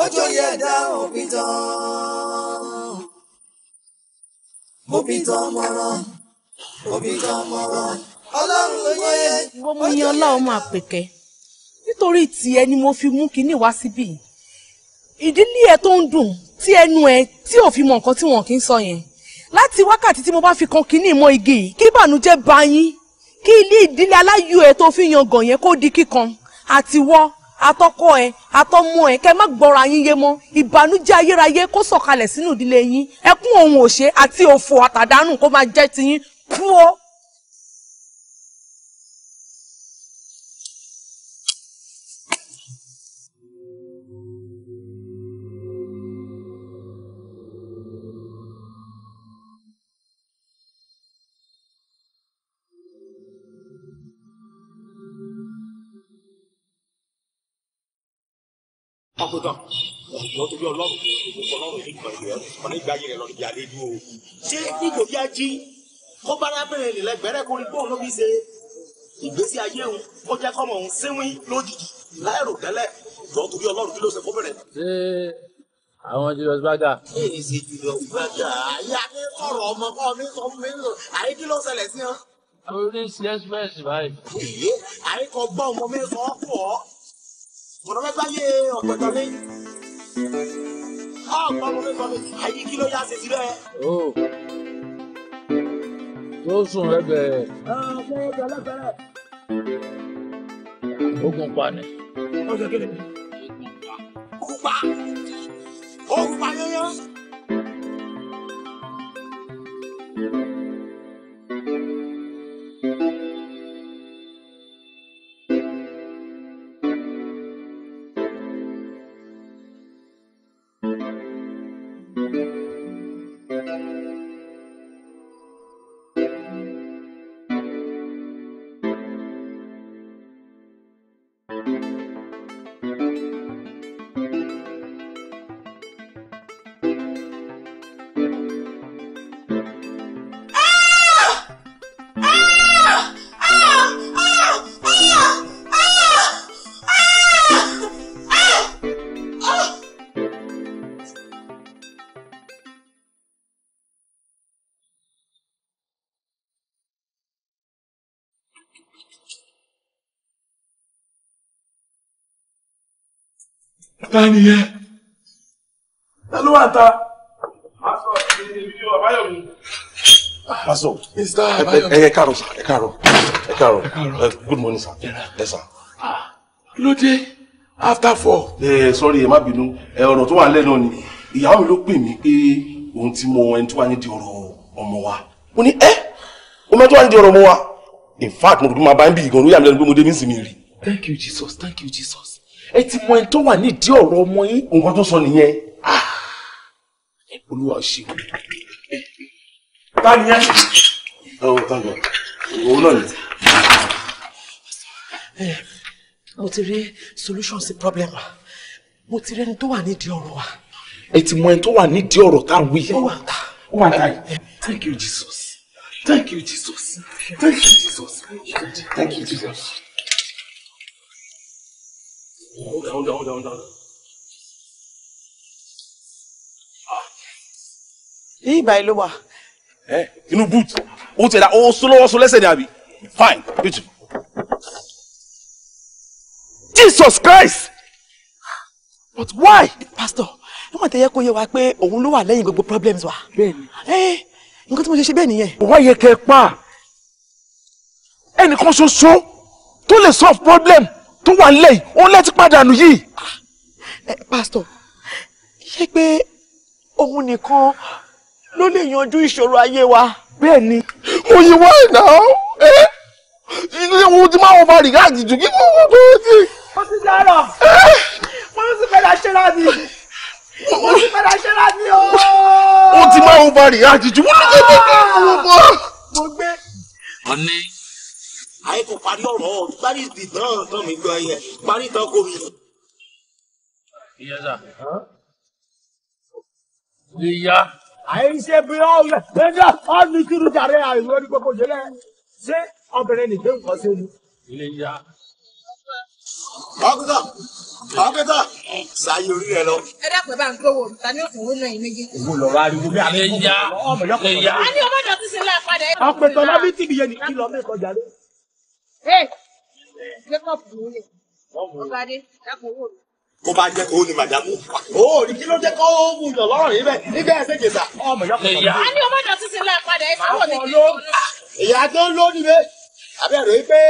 ọjọ́ yẹ dá òbí tán. òbí tán mọ́rán òbí tán mọ́rán ọlọ́run ló yẹ ọjọ́ yẹ dá òbí tán. wọ́n mú yan ọlá ọmọ àpèkẹ́ nítorí tiẹ̀ ni mo fi mú kinní wá síbí ìdílé ẹ̀ tó ń dùn tí ẹnu ẹ tí ò fi mọ nǹkan tí wọn kì í sọ yẹn láti wákàtí tí mo bá fi kan kinní mọ igi yìí kí ìbànújẹ́ bá yín kí ilé ìdílé aláyọ̀ ẹ tó fi yan gàn yẹn kó di kíkan àtiwọ́ atọ́kọ ẹ atọ́mọ ẹ kẹ má gbọ́ra yín yé mọ́ ìbànújẹ́ ayérayé kó sọ̀kalẹ̀ sínú ìdílé yín ẹkún ohun òṣè àti òfò àtàdánù kó máa jẹ́ tiyín púọ́. pápótán ọjọ́ torí ọlọ́run gbogbo ọlọ́run ní kan ìrẹ ọ̀nà ìgbà ayé rẹ lọ níbi àlejò o. ṣé nígbò bí a jí kó bá arábìnrin rẹ lẹgbẹrẹ kó rí bóun ló fi ṣe ìgbésí ayé òun ó jẹ kọmọ òun síwín lójijì láìrò tẹ́lẹ̀ ọjọ́ torí ọlọ́run kí ló ṣe kó bẹ̀rẹ̀. ṣé àwọn Julius Berger. èyí ṣe Julius Berger ayé adé sọ̀rọ̀ ọmọ kọ́ mi sọ fún mi nínú àyè kí ló ṣẹlẹ̀ sí ọ. orí sí express báyìí. àyíkọ gbọ́ ọmọ mi sọ ọ́ pọ̀ ọ̀rọ̀ mẹ́fà yé ọ̀pọ̀jọ lẹ́yìn. ọ̀pọ̀ ọmọ mẹ́fà méjì àyè kí ló yá ṣe sí bẹ́ẹ̀. tó sùn lẹ́bẹ̀ẹ́. ọ̀pọ̀ ọjọ́ lẹ́bẹ̀ẹ́. ogun pa ni. ọjọ́ kí ni. ogun pa. ogun pa. ogun pa yányán. ta nìyẹn ta ló ta. Pastor, Mr. Ẹ káàárọ̀ sir, ẹ káàárọ̀, ẹ káàárọ̀, uh, good morning sir, ẹ sir. Ah, kí ló dé? After four. Ẹ eh, sorry, ẹ má bínú, ẹ eh, ọ̀rọ̀ tó wà lẹ́nu ni, ìyàwó mi ló pè mí pé òun ti mọ ẹni tó wà nídìí ọ̀rọ̀ ọmọ wa. Mo ní ẹ́, o mẹ́tọ́ wà nídìí ọ̀rọ̀ ọmọ wa. In fact, mo kò tún máa bá ń bí ìgànnú yà mí lẹ́nu pé mo dé mí sì mi rí. Thank you Jesus, thank you Jesus ẹ ti mọ ẹni tó wà nídìí ọ̀rọ̀ ọmọ yín. nǹkan tó sọ nìyẹn. Ah, olúwa ṣe wò. ta ni ẹ. ọ thank òun náà ni. mo ti rí solution sí problem mo ti rí ẹni tó wà nídìí ọ̀rọ̀ wa. ẹ ti mọ ẹni tó wà nídìí ọ̀rọ̀ tá à wí. ó wà ta ó wà ta yìí. thank you Jesus thank you Jesus thank you Jesus thank you Jesus. Hold on, hold on, hold on, hold on. Ibà ìlú wa. Ẹ inú boot, ó tẹ̀lé ó sọlọ́wọ́sọ lẹ́sẹ̀ ni àbí? Fine, beautiful. Jesus Christ! But why? Pastor, wọ́n tẹ̀yẹ kó yé wa pé òun ló wà lẹ́yìn gbogbo problems wa. Bẹ́ẹ̀ni. Ẹ nǹkan tí mo ṣe ṣe bẹ́ẹ̀ nìyẹn. Wọ́n yẹ kẹ́ pa ẹnìkan ṣoṣo tó lè solve problem tó wà nílẹ̀ yìí òun lẹ́tí pàdánù yìí. Eh, pásítọ̀ ṣé pé òun nìkan ló lè yanjú ìṣòro ayé wa. bẹ́ẹ̀ ni. oyin wá ìná eh? ilé ohun tí máa wọ bá rí gáàjì jù kí wọ́n wọ́n tó ti. mo ti dára mo eh? ti fẹ́ ra ṣe ra mo ti fẹ́ ṣe ra o. ó ti máa wọ bá rí gáàjì jù wọ́n ló ti fẹ́ ra ni o. mo gbé. mo ní àyè kò parí ọ̀rọ̀ parí ti tán tán mi gbọ́ yẹ parí tán kò mi. ìyẹ́sà ìyá. àyè iṣẹ́ bí ọ́ lẹ̀ lẹ́jọ́ ọ́ ní kírun jàre àìwọ́ ní gbogbo yẹlẹ ṣé obìnrin nìkan kọ́ sí ni. ilé ìyá. ọkùtà ọkùtà sáyé orí rẹ lọ. ẹ dápẹ́ bá ń gbówó ta ní òkúrú náà ìmẹ́jì. òwò lọ wá rí wọlé àlẹ́ ìyá ìyá. a ní ọmọdé ọtí sílẹ̀ padà. ọpẹtọ lábí tìbí yẹn ní kí lọ mẹ́kọ̀ọ́ jàre mo bá jẹ́ kó ní màdàmú. ó rí kí ló jẹ́ kó mú yàn lọ́rùn yìí bẹ́ẹ̀ nígbà ẹ̀sẹ̀ jẹ̀sà ọmọ ìyá kan. a ní ọmọ ìdọ̀tí ti la padà ẹ sábọ̀ ní kí ló. Ah! ìyá tó ń lò níbẹ̀ abẹ́rẹ́ yìí pé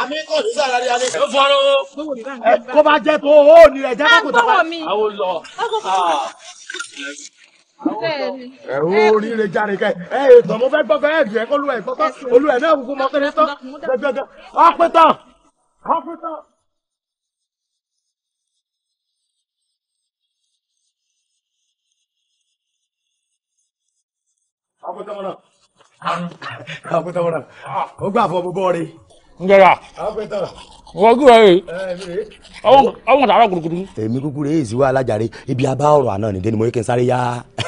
àmì kò ní sára rí alẹ́. ẹ fọ́nrọ́ kó bá jẹ́ tó ó ní ẹ̀jẹ̀ kó tó bá. a gbọ́wọ́ mi. àwọn olùlọ ẹ o oríire jáde kẹ ẹ ètò mo fẹ́ gbọ́ fẹ ẹ jẹ kó olú ẹ gbọ́ tán olú ẹ náà kúkú mọ kéré tán gbẹgbẹgbẹ ọpẹ tán ọpẹ tán. ọpẹ tán mọ́nà ọpẹ tán mọ́nà ó gbà fọ bọ́ọ̀rì. ń jẹ́ wa. ọpẹ tán wọ́n rẹ̀ ọwọ́n tààrà kùrùkùrù. èmi kúkú rèé ìsìwọ́ alájàre ibi abá ọ̀rọ̀ àná nìdé ni mo yẹ kí n sáré yá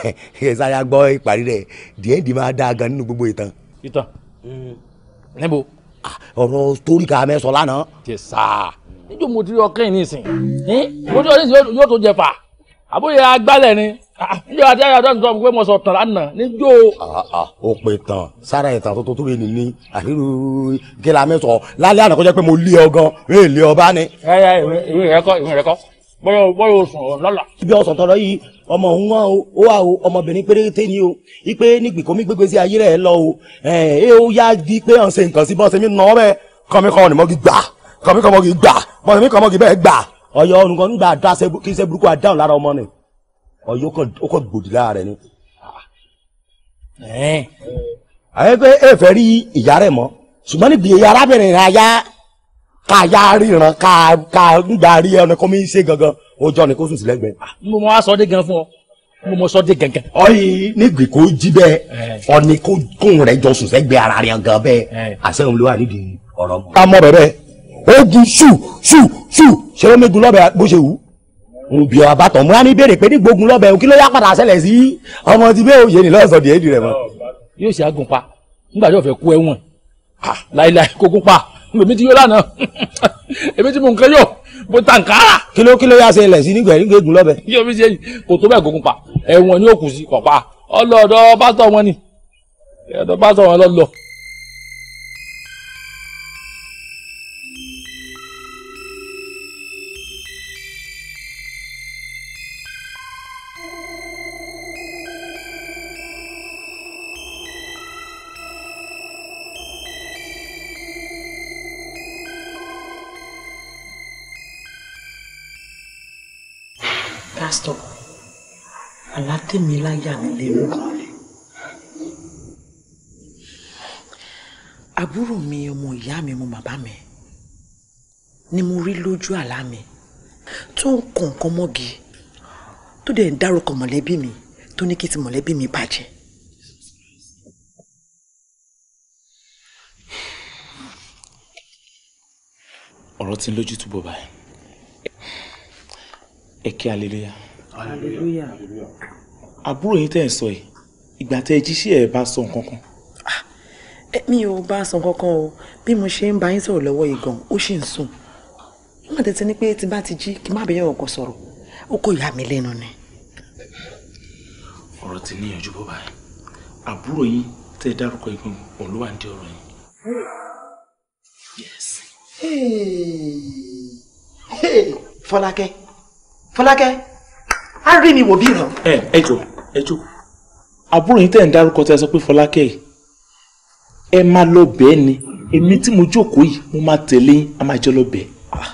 [LAUGHS] kí n sáré gbọ́ ìparí rẹ̀ díẹ̀ díẹ̀ máa dáa gan nínú gbogbo ìtàn. ìtàn mm. níbo. ọ̀rọ̀ torí ká mẹ́ sọ lánàá. jẹ sáà níjó mo ti rí ọkẹ́ yìí nísìn mo ti rí ọkẹ́ yìí yóò tó jẹ fà àbóyè agbálẹ̀ ni yóò ah, ah, adé ayé adáǹtọ́ mi pé mo sọ tàn lánàá níjó. Ah, ó pe tán sára ìtàn tó tó tó bẹ nìní àdúrú gíga mẹ́sọ̀ lálẹ́ àná kó pé mo lé ọ gan ẹ lé ọ bá ní. ẹ ẹ ìwé rẹ kọ ìwé rẹ kọ bọ́yọ̀ bọ́yọ̀ oṣùn lọ́la. ibi ọ̀sán tọrọ yìí ọmọ òun wá o ó wà o ọmọbìnrin péréte ni o ipe nígbì kò mí gbégbé sí ayé rẹ̀ lọ o ẹ ẹ ó yá di pé ọ̀n ṣe nǹkan sí bọ́ọ̀sẹ̀ mi nà ọ́ bẹ́ẹ̀ kọ́mi kọ́ ọ̀nì mọ́gi gbà kọ́mi kọ́ gbà bọ́ọ̀sẹ̀ mi kọ́ mọ́gi bẹ́ẹ̀ gbà ọ̀yọ́ ọ̀nùkọ́ nígbà dá kí iṣẹ́ burúkú àdáhùn lára ọmọ nìyí ọyọ ó kọ gbòdì láàrẹ ni. Eh. àyẹ pé ẹ fẹ́ rí ìyá rẹ̀ mọ́ ṣùgbọ́n níbi ìyá arábìnrin rẹ̀ ayá ká yá ríran ká ká nígbà rí ọ̀nà kọ́mí ṣe gangan ọjọ́ ni kó sùn sí lẹ́gbẹ̀ẹ́. Ah, mo mọ aṣọ dé gan fún ọ mo mọ sọ dé gangan. ọyìn nígbì kó jí bẹ́ẹ̀ eh. ọni kó kóun rẹ̀ jọ sùn sẹ́gbẹ̀ẹ́ ara rẹ̀ gan bẹ́ẹ̀ eh. àṣẹ òun nídìí ọ̀rọ̀. ká mọ bẹ̀rẹ̀ ogun ṣù ṣù ṣù ṣe ló mégun lọ́bẹ̀ bó ṣe wù ń bí ọba tán múra ní béèrè pé ní gbógun lọ́bẹ̀ kí ló yá padà ṣẹlẹ̀ sí ọmọ ti bẹ́ẹ̀ òye ní lọ́sọ̀dì èdè rẹ̀ mọ́. yóò ṣe àgùnpa nígbà tí yóò fẹ́ kú ẹ̀wọ̀n láìláì kókún pa lèmi ti yó lánàá [LAUGHS] èmi ti mú nǹkan yó mo ta nkàrà. kí ló kí ló yá ṣẹlẹ̀ sí nígbà nígbà egun lọ́bẹ̀. yóò fi ṣe kò tó bẹ́ẹ̀ kókún pa ẹ̀wọ̀n ni ó kù sí kọ̀pa ọlọ́ọ̀dọ́ pásítọ̀ wọn ni ẹ̀dọ́ pásítọ̀ wọn lọ́ lọ. láyà mi lẹ́nu. àbúrò mi ọmọ ìyá mi mo bàbá mi ni mo rí lójú àlá mi tó ń kàn nǹkan mọ́gi tó dẹ̀ ń dárúkọ mọ̀lẹ́bí mi tó ní kí ti mọ̀lẹ́bí mi bàjẹ́. ọ̀rọ̀ tí ń lójú túbọ̀ báyìí ẹ kí aleluya. aleluya. aleluya àbúrò yín tẹ̀ ń sọ yìí ìgbà tẹ́ ẹ jíṣẹ́ ẹ bá sọ nǹkan kan. Ah, mi ò bá sọ nǹkan o bí mo ṣe ń bá yín sọ̀rọ̀ lọ́wọ́ yìí gan ó ṣì ń sùn nígbà tó ti ní pé tí bá ti jí kí má bẹ̀yẹ̀ ọ̀kan sọ̀rọ̀ ó kò yà mí lẹ́nu ni. ọ̀rọ̀ ti níyànjú bó báyìí àbúrò yín tẹ́ ẹ dárúkọ igun olúwa ń dé ọ̀rọ̀ yín. fọlákẹ́ fọlákẹ́ á rí mi wò bí ràn. ẹ ẹ jọ ẹ jókòó àbúrò yín tẹ̀ ń dárúkọ tẹ́ sọ pé fọlákẹ́ yìí ẹ máa lọ bẹ́ẹ̀ ni èmi tí mo jókòó yìí mo máa tẹ̀lé yín a máa jọ lọ bẹ́ẹ̀. Ah.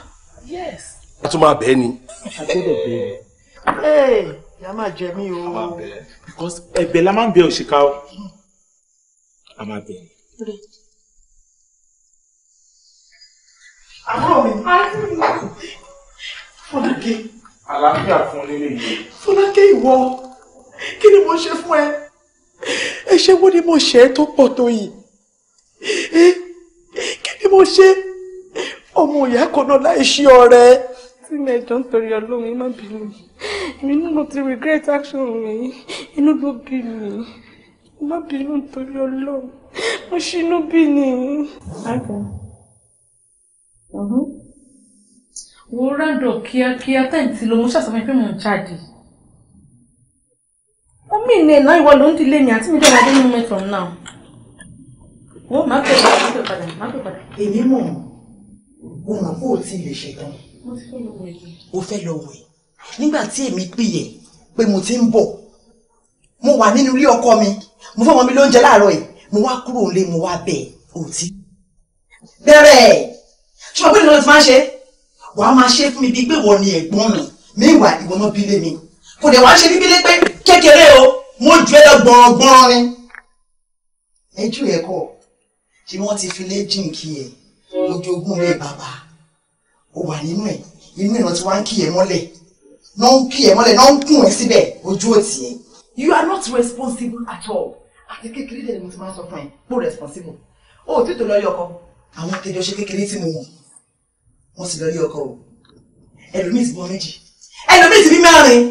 yes. a tún máa bẹ́ẹ̀ ni. a gbọ́dọ̀ bẹ́ẹ̀ ni. ee ìyá máa jẹ mí o. a máa bẹ́ẹ̀. because ẹ̀bẹ̀ la máa ń bẹ òṣìkà o. a máa bẹ́ẹ̀ ni. àbúrò mi. fọlákẹ́. àlàáfíà fún nílé yìí. fọlákẹ́ ìwọ kí ni mo ṣe fún ẹ ẹ̀ṣẹ̀ wo ni mo ṣe tó pọ̀ tó yìí kí ni mo ṣe ọmọ ìyá kan náà láì ṣe ọ̀rẹ́ tí mi ẹ̀jọ̀ ń torí ọlọ́run má bínú èmi ní mo ti regret action mi inú ló bí mi má bínú torí ọlọ́run mo ṣinú bí ni. Mhm. wo rádọ̀ kíákíá tẹ́ǹtì ló mú ṣàṣàmì pé mò ń jáde mi ní iná ìwọ ló ń dilé mi àti mi dẹ́wọ́n adéyìn mẹ́tọ̀ náà. wọ́n máa pè padà máa pè padà máa pè padà. èmi mọ̀ mo mọ̀ kó o ti lè ṣetán o fẹ́ lọ wẹ̀ nígbà tí èmi pìyẹ̀ pé mo ti ń bọ̀ mo wà nínú ilé ọkọ mi mo fọmọ mi lóúnjẹ láàárọ̀ yìí mo wá kúrò nílé mo wá bẹ̀ òtí. bẹ́rẹ̀ ṣùgbọ́n pé ìlọrin ti máa ń ṣe wàá máa ṣe fún mi bíi pé wọ́n ni ẹ̀gbọ́n mi mi ìwà ìwọ́n náà bí lé mi kò dẹ̀ wá ṣe níbi lé pé kékeré o mo jù gbọ̀ngbọ̀n ni. ẹ ẹ kọ ṣé wọ́n ti fi lé jìnkì ẹ ojoogun rẹ bàbá o wà nínú ẹ inú ìran tí wọ́n ń kì ẹ mọ́lẹ̀ náà ń kì ẹ mọ́lẹ̀ náà ń kùn ẹ síbẹ̀ ojú òtí ẹ. you are not responsible at all àti kékeré dẹ̀ ni mo ti máa ń sọ fún ẹ kó responsible o ò tètè lọ yọ ọkọ. àwọn akẹjọ ṣe kékeré tí mo mọ wọn sì lọ yọ ọkọ o ẹlòmíì ti bọ méjì ẹlòmíì ti bí mẹ́rin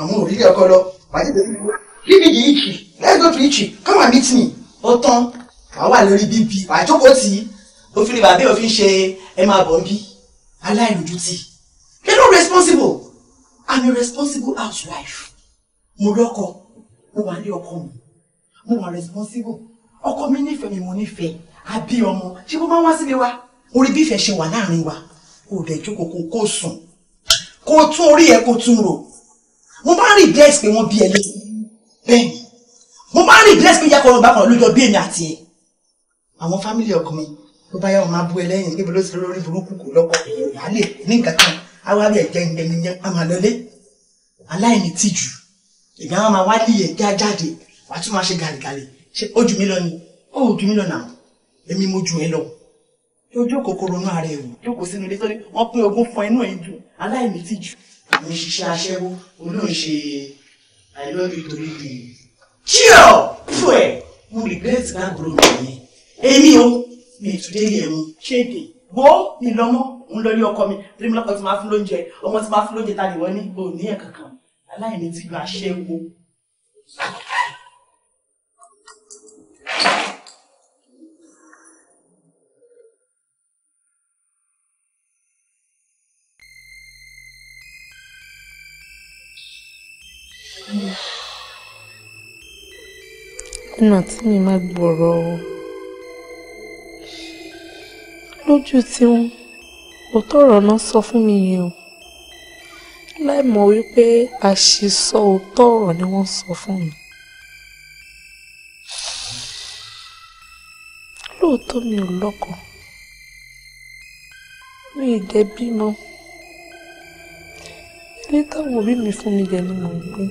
àwọn òrìlẹ ọkọ lọ wàá jẹ bẹ́ẹ̀ leave the ichi let's go to ichi come and meet me ó tán wà wà lórí bíbí wà jókòó tì í òfin ni bàbá òfin ṣe ẹ máa bọ̀ ń bí aláìlójútì you no responsible i'm a responsible housewife mo lọ́kọ mo wà ní ọkọ mi mo wà responsible ọkọ mi nífẹ̀ẹ́ mi mo nífẹ̀ẹ́ àbí ọmọ ṣé mo máa ń wá sílé wa orí bí ìfẹ́ ṣe wà láàrin wa kò dẹ̀ jókòó kó kó sùn kó tún orí ẹ kó tún rò mo bá rí bẹ́ẹ̀ pé wọ́n bí ẹ lẹ́yìn bẹ́ẹ̀ni mo máa ń rìn bless méjì akọrin bákan lójọ bí èmi àti ẹ àwọn fámìlì ọkọ mi ló bá yá wọn máa bú ẹ lẹ́yìn níbi ló ti lórí burúkú kò lọ́kọ àlè ní nǹkan kan awárí ẹ̀jẹ̀ ìyẹnìyẹn àmàlọ́lé aláìní tìjú ìgbà wọn máa wá níyẹ kí á jáde wàá tún máa ṣe gàlìgàlì ṣe ó jù mí lọ ni ó jù mí lọ nà èmi mo jù ẹ lọ lójú kòkòrò náà rẹ wò jókòó sínú ilé torí wọn pín ogún fún ẹnu ẹ dùn aláìní tìjú òun ṣiṣẹ́ aṣẹ́wó olóòṣè I love you to read the cure fuel. Mo regret that bro mi. Èmi o, mi ìtúndé yẹn mu. Ṣéde, wo mi lọ́mọ́, òun lọ rí ọkọ mi, rí mi lọ́kọ tí máa fún lóúnjẹ, ọmọ tí máa fún lóúnjẹ ta lè wọ́n ní, o ní ẹ̀ kankan, aláìní ti gba aṣẹ́wó. peanut mi máa gbọ̀rọ̀ o lójú tiwọn òótọ́ ọ̀rọ̀ náà sọ fún mi yìí o láìmọ̀ wípé àṣìsọ òótọ́ ọ̀rọ̀ ni wọ́n sọ fún mi. lóòótọ́ mi ò lọ́kọ mi ì dẹ̀ bímọ ilé táwọn òbí mi fún mi dẹ̀ ni mò ń gbé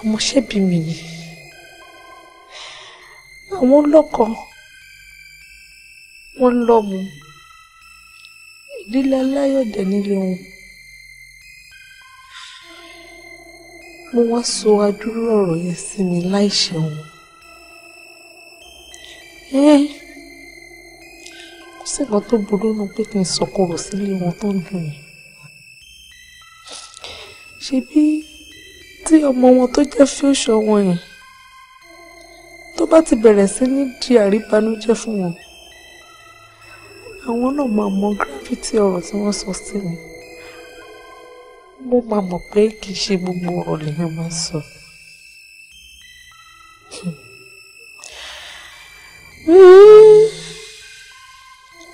àmọ́ ṣẹ́bi mi yìí àwọn lọ́kọ wọ́n lọ́mọ ìdílé aláyọ̀dẹ̀ nílé wọn. mo wá sọ adúrú ọ̀rọ̀ yẹn sí mi láì ṣẹ̀wọ̀n. kò sí nǹkan tó burú nù pé kí n sọkòrò sílé wọn tó ń dùn mí. ṣebí tí ọmọ wọn tó jẹ́ fíòṣọ wọn yẹn bá ti bẹ̀rẹ̀ sí ní di àríbanújẹ́ fún wọn àwọn náà máa mọ gravity ọ̀rọ̀ tí wọ́n sọ sí mi mo máa mọ̀ pé kì í ṣe gbogbo ọ̀rọ̀ lèèyàn máa sọ.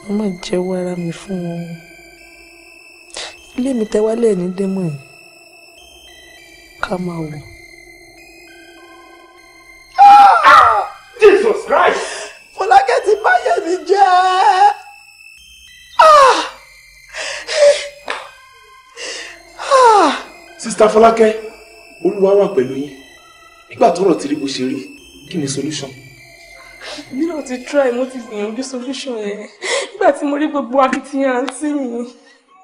mo máa jẹ́wọ́ ara mi fún wọn ilé mi tẹ́wálẹ̀ ní démọ̀ yìí ká máa wò. Mr. Fọlákẹ́ olúwa wà pẹ̀lú yín nígbà tọ́rọ̀ ti rí bó ṣe rí kí ni solution. mi náà ti try mo ti gbìyànjú solution yẹn nígbà tí mo rí gbogbo akitiyan àǹtí mi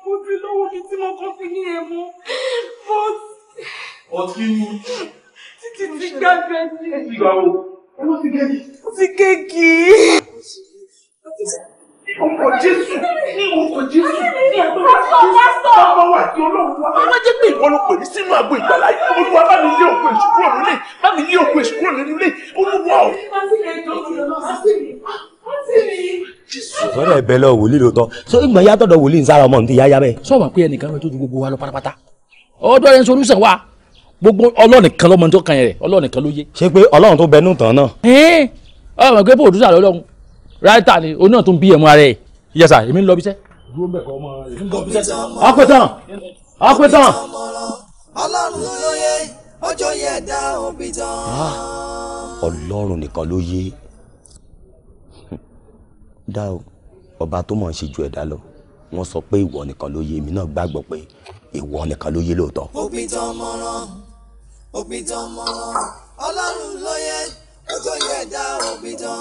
mo ti lọ́wọ́ mi tí mo kàn fi ní ẹ̀mú but. ọtí ni. títí ti gbàgbé ẹ. ìgbà wo. ó ti kéèkì. ó ti kéèkì orúkọ Jésù ní orúkọ Jésù ní agbára Jésù ọmọ wa àti Ọlọ́run wa. wọ́n jẹ́ pé ìwọ ló pè mí sínú àgbo ìgbàlá yìí olúwa bá mi lé òkú èṣù kúrò nílé bá mi lé òkú èṣù kúrò nílé olúwa o. sọ̀rọ̀ ẹ̀bẹ̀ lọ wòlíì ló tán so ìgbà yàtọ̀ dọ̀ wòlíì nsára ọmọ nítí yáyá bẹ́ẹ̀. sọ ma pé ẹnìkan tó ju gbogbo wa lọ pátápátá ọ̀dọ̀ rẹ solution wa gbogbo Ọlọ́run nìkan lọ́mọ tó kàn yẹn rẹ̀ Ọlọ́run nìkan ló yé. ṣé pé Ọlọ́run tó bẹnu tán náà. ọmọ pé bòdúsà lọ́lọ́run ráìtà ni oní náà tó ń bí ẹ̀mú ara ẹ̀ yẹsà èmi ń lọ bíṣẹ́. ọpẹ tán ọpẹ tán. ọlọ́run ló yẹ ọjọ́ yẹ dá òbí tán. Ah, ọlọ́run nìkan ló yé [LAUGHS] dá o ọba tó mọ̀ ń ṣe ju ẹ̀dá lọ wọ́n sọ pé ìwọ nìkan ló yé èmi náà gbàgbọ́ pé ìwọ nìkan ló yé lóòótọ́. òbí tán mọ́rán òbí tán mọ́rán ọlọ́run ló yẹ ọjọ́ yẹ dá tán.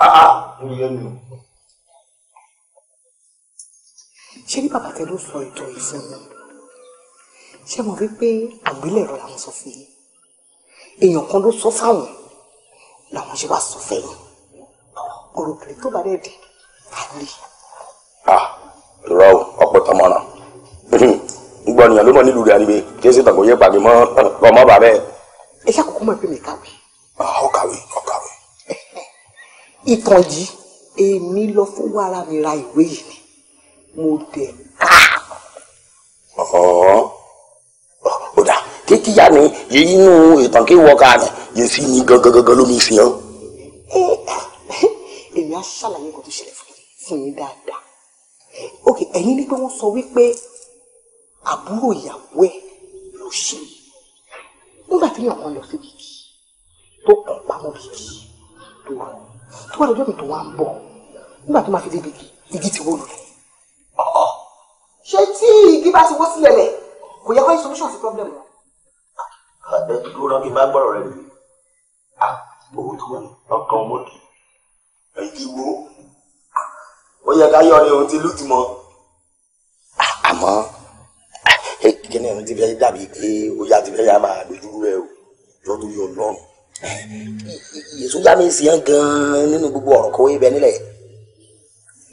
Ah, ah, ṣé ní bàbá tẹ ló sọ ètò ìsinmi ṣé mo wípé àgbélẹ̀rọ làwọn sọ fún yín èèyàn kan ló sọ fáwọn làwọn ṣe wá sọ fẹ́yìn ọ̀rọ̀ kiri tó bá dẹ̀ dé àlè. ìrọ̀ ah, ọ̀pọ̀ tọmọ́nà hmm, gbọ́ nìyàn ló mọ̀ nílùú rẹ̀ àríwé kí ẹ sì tàgbọ́ yẹ pàdé mọ́ ọmọ bàbá ẹ̀. ẹ ṣàkókò mọ̀ pé mi kàwé. ó kàwé ọkọ ìtàn yìí èmi lọ fún wàrà mi ra ìwé yìí ni mo dẹ̀ ká. ó dà kíkíyà ni yìí nínú ìtàn kí wọ́n ká ni yìí sì ní gangan gangan lómi fi hàn. [LAUGHS] èmi á ṣàlàyé nǹkan tó ṣẹlẹ̀ fún yín dáadáa ok ẹ̀yin ni pé wọ́n sọ wípé àbúrò ìyàwó ẹ̀ ló ṣe nígbà tí èèyàn kan lọ sí bìbí tó kàn pamọ́ bìbí tó rọrùn tó wà lọ́jọ́ mi tó wá ń bọ̀ nígbà tó máa fi débi igi ti wó lulẹ̀. ṣé tí igi bá ti wó sílẹ̀ lẹ̀ kò yẹ kó yí solution sí problem wọn. àbẹ dúró náà kí n bá gbọ́rọ̀ rẹ nìyí owó tó wà lọ́kàn mọ́tò igi wo ó yẹ ká yọrin ohun ti lùtùmọ̀. àmọ́ kíni ẹni tí fẹ́ dàbí pé ó yá ti fẹ́ yá máa dojú rẹ o yọ tó yọ lọ́rùn yẹsùn lámì sí yẹn gan-an nínú gbogbo ọ̀rọ̀ kọ́wé ibẹ̀ nílẹ̀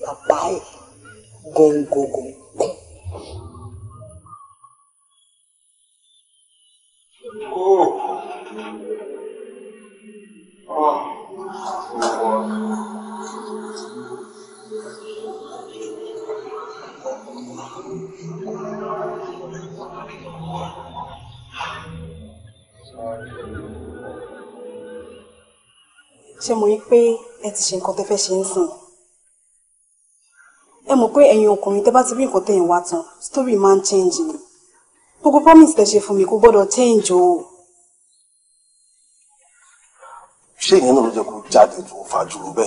bàbá ẹ̀ gọ́ngọ́ngọ́ ṣé mo rí pé ẹ ti ṣe nǹkan tẹ́ fẹ́ ṣe ń sìn ẹ mọ̀ pé ẹ̀yin ọkùnrin tẹ́ bá ti rí nǹkan tẹ̀yìn wá tán story máa ń change ni gbogbo promise tẹ́ ṣe fún mi kò gbọ́dọ̀ change o. ṣé ìyẹn náà ló jẹ́ kó jáde tó fàájúrò bẹ́ẹ̀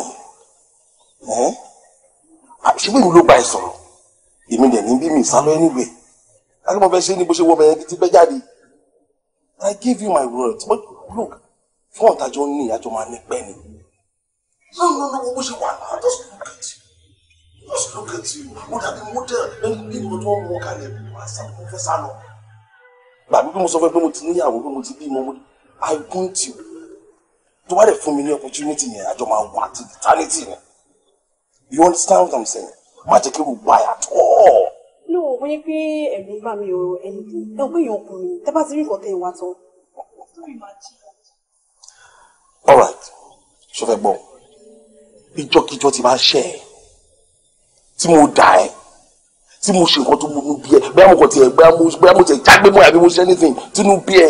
yẹn ṣùgbọ́n èmi ló gba ẹ sọ̀rọ̀ èmi dẹ̀ ní bí mi ìsálọ́ ẹ nígbẹ̀ẹ́ akẹ́kọ̀ọ́ fẹ́ ṣe é ní bó ṣe wọ́ bẹ́ẹ̀ ti bẹ́ jáde I give you my word but look fún ọ̀tàjọ́ ní ìyájọ́ máa ní pẹ́ ni. no no no owó ṣe wà náà just look at you just look at you ó dàbí model ẹni bí mo tó ń mọ kalẹ̀ wá sá mo fẹ́ sá lọ. gbàgbé bí mo sọ fẹ́ pé mo ti níyàwó pé mo ti bímọ mo i want you tó bá dẹ̀ fún mi ní opportunity yẹn àjọ máa wà you understand what i'm saying má jẹ́ kí o gbà no wọ́n yẹ pé ẹ̀rù ń bà mí o ẹni tó ẹ̀ pé èèyàn ọkùnrin tẹ́ bá ti rí nǹkan tẹ̀ wá tán all right ṣe fẹ́ gbọ́ ìjọkíjọ ti máa ṣẹ́ ẹ tí mo dà ẹ tí mo ṣe nǹkan tó mú bí ẹ bẹ́ẹ̀ mo kàn tiẹ̀ bẹ́ẹ̀ mo bẹ́ẹ̀ mo tiẹ̀ jágbé mọ́ àbí mo ṣe anything tínú bí ẹ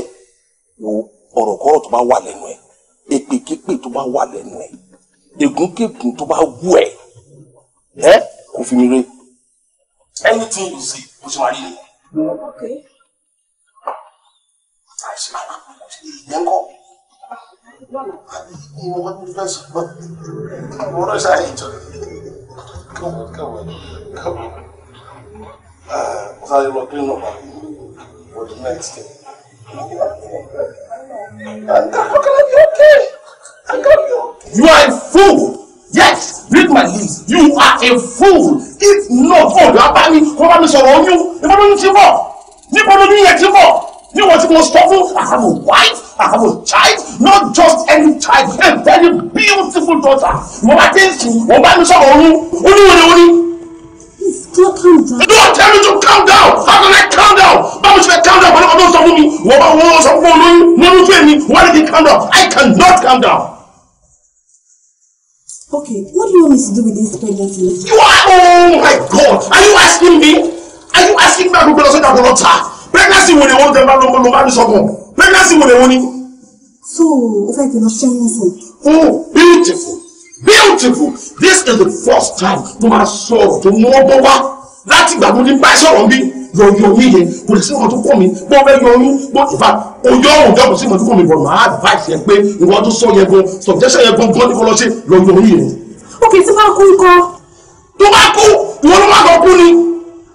wo ọ̀rọ̀ kọ́rọ̀ tó bá wà lẹ́nu ẹ èpèképè tó bá wà lẹ́nu ẹ ègúnkègún tó bá wù ẹ ẹ kò fi mi re anything you see bó ṣe máa rí I ok. àìsàn àlàkùn ìyẹn kọ́ ìwọ wọn fẹ́ sọ pé ìwọ náà ṣáà yìí jọ kẹwọ kẹwọ kẹwọ ọ̀sán yìí lọ pé nù bá for the next day. And how can I be okay? How can I be You are a fool! Yes, read my lips. You are a fool. If not for the abami, kọ́ bá mi sọ̀rọ̀ oyún, ìfọdún ti bọ̀. Nípa lóyún yẹn ti bọ̀. Ní ìwọ tí mo sọ fún, I have a wife. I have a child, not just any child, a very beautiful daughter. Mo bá ti ń sùn, mo bá mi sọ̀rọ̀ oyún, oyún wo ni oyún? Don't calm tell me to calm down. How can I calm down? Báwo ṣe fẹ́ calm down? Báwo ló sọ fún mi? Wọ́n bá wọ́n sọ fún olóyún nínú fún mi. Why did he calm down? I cannot calm down. Okay, what do you want me to do with this pregnancy? You are, oh my God! Are you asking me? Are you asking me àgùgbọ́n lọ sọ́dọ̀ àgùgbọ́n lọ́ta? Pregnancy wo ni wọ́n tẹ́ bá lọ́mọ lọ́mọ àbí sọ́kùn? pregnancy wo lèwo ni. so o fẹ́ kí n lọ ṣẹ́yìn sùn. oh beautiful beautiful this is the first time mo máa sọ̀rọ̀ to mú ọgbọ́n wá láti ìgbà tó ti bá sọ̀rọ̀ bí yọ̀yọ̀ mi yẹn kò lè sí ọkàn tó kọ́ mi bó fẹ́ yọ oyún bó ìfà oyún ọ̀hún jọ̀bù sí ìmọ̀tò kọ́ mi bọ̀ máa advice yẹn pé ìwọ tó sọ yẹn gan subjection yẹn gan gan ní kọ́ lọ sí yọ̀yọ̀ mi yẹn. ok tí bá kú ikọ. tó bá kú ìwọ ló má kọ kú ni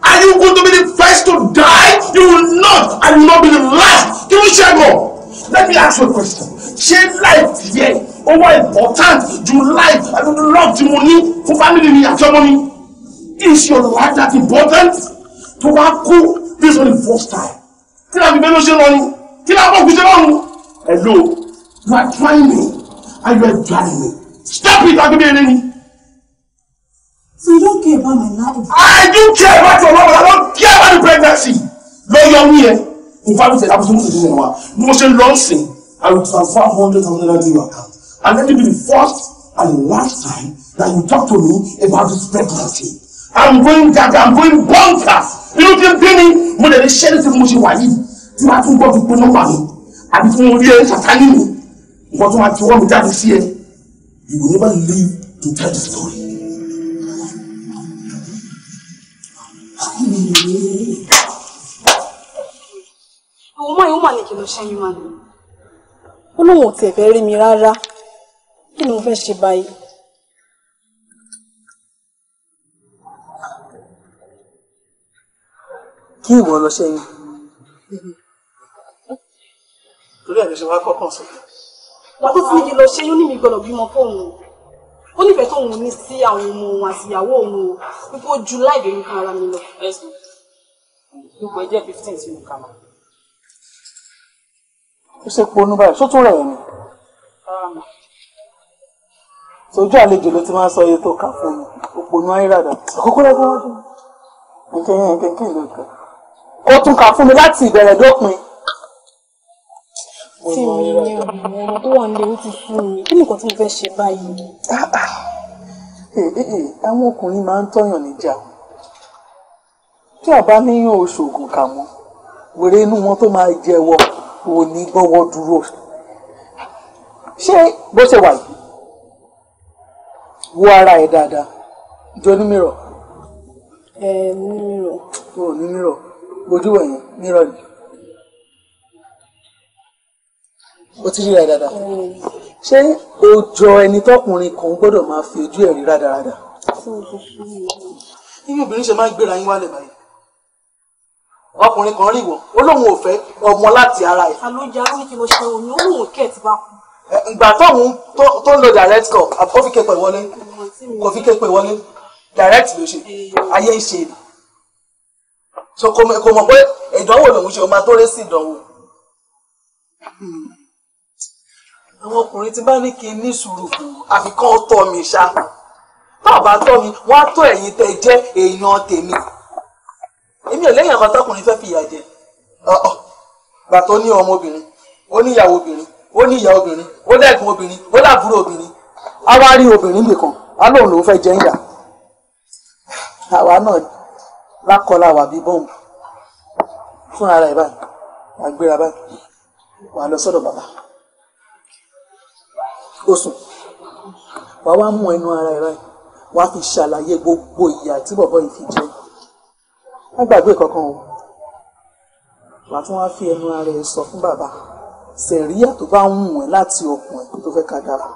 ayé kú tóbi ní to die you will not and you will not be the last Can we share more? let me ask you a question Share life yẹ ó wá important ju life and àti love tí money, ní fún family mi àti your money? is your life that important to wá cool? this only first time Can I be bẹ́ẹ̀ ló Can I ni kí ló kọ́kù hello you are trying me and you are driving me stop it agbẹ́bẹ́rẹ́ ni. So you don't care about my life? I do care about your life, but I don't care about the pregnancy. Lọ́yọ̀ mi yẹn, ìfàmì tẹ̀lé àbùsùn mùsùlùmí yẹn wa, ni mo ṣe lọ sìn, I will transfer hundred thousand naira to your account. And let it be the first and the last time that you talk to me about this pregnancy. I'm going gaga, I'm going bonkers. Inú kí n bí mi, mo lè ní ṣẹ́ni tí mo ṣe wà yìí, tí máa tún gbọ́ fi pé nọ́mbà mi, àbí tí mo rí ẹ ṣàtánì mi, nǹkan tó máa ti wọ́n mi jáde sí ẹ. You will never live to tell the story. ní kí ló ṣẹ́yún mà ní. ó lóun ò tiẹ̀ fẹ́ rí mi rárá kí ni fẹ́ ṣe báyìí. kí ìwọ lọ ṣẹ́yìn torí ẹ̀ ṣe wá kọ́kàn sí. wọ́n tó ti ní lọ ṣẹ́yún ní mi gbọ́dọ̀ bímọ fóun ó nífẹ̀ẹ́ tóun ní sí àwọn ọmọ òun àti ìyàwó òun o wípé ó ju láì bẹ̀rù kan ara mi lọ. ẹ sùn gbogbo ẹjẹ fifteen sí mi kà máa ó ṣe ponú báyìí só tún rẹ̀ ni sojú àlejò ló ti máa sọ iye tó kà fún mi òponú ayírádà àkókò lẹ́gbẹ́ wájú nkẹ́yìn nkẹ́yìn ló kà ó tún kà fún mi láti ìbẹ̀rẹ̀ dópin. tí mi ní ọmọ tó wà nílé ó ti fún mi kí nìkan tí mo fẹ́ ṣe báyìí. Ah, ah. Eh, eh, eh. àwọn ọkùnrin máa ń tọ̀yàn níjà tí àbá níyàn oṣoògùn kà mọ́ wèrè inú wọn tó máa jẹ́wọ́ wò ní gbọ́wọ́ dúró ṣé bó ṣe wà yìí wo ara ẹ dáadáa ìjọ ní mìíràn. ẹ ní mìíràn. o ní mìíràn bójú wẹ̀yìn mìíràn ni o ti rí rẹ dáadáa ṣé o jọ ẹni tọkùnrin kan gbọ́dọ̀ máa fi ojú ẹ rí rádaràda. bí obìnrin ṣe máa ń gbéra yín wálẹ̀ báyìí ọkùnrin kan rí ìwọ ó lóun ò fẹ́ ọmọ láti ara ẹ̀. àlójà ló ní kí mo ṣe òun ó lóun kẹ́ ẹ̀ ti bá kú. ìgbà tóun tó ń lo direct call kò fi képe wọlé kò fi képe wọlé direct ló ṣe ayé ṣe ni so kò mọ̀ pé ìdánwò lòun ṣe o máa tó rẹ́ sí ìdánwò. Hmm. àwọn ọkùnrin ti bá ní kí n ní sùúrù kù àfi kán tọ́ mi ṣá tó bá tọ́ mi wọ́n á tó ẹ̀yin tẹ́ jẹ́ èèyàn tèmi èmi ò lẹ́yìn àkọ́tọ́ ọkùnrin fẹ́ fi ìyà jẹ ọ̀ọ́ bàtà ó ní ọmọbìnrin ó ní ìyàwó obìnrin ó ní ìyá obìnrin ó dẹ́kun obìnrin ó dàbúrò obìnrin á wá rí obìnrin nìkan á lóun lòún fẹ́ jẹ́ ń yà àwa náà lákọlá wà bí bọ́ǹbù fúnra rẹ̀ báyìí wà báyìí wà lọ sọ́dọ̀ bàbá ó sùn wà wá mú ẹnu ara ẹ̀ báyìí wà fi ṣàlàyé gbogbo ìyà tí bọ̀bọ̀ yìí fi jẹ́ má gbàgbé kankan o wà tí wọ́n á fi ẹnu ara ẹ sọ fún bàbá sẹ̀ríyà tó bá ń wù ẹ́ láti ọkùnrin tó fẹ́ ká dára.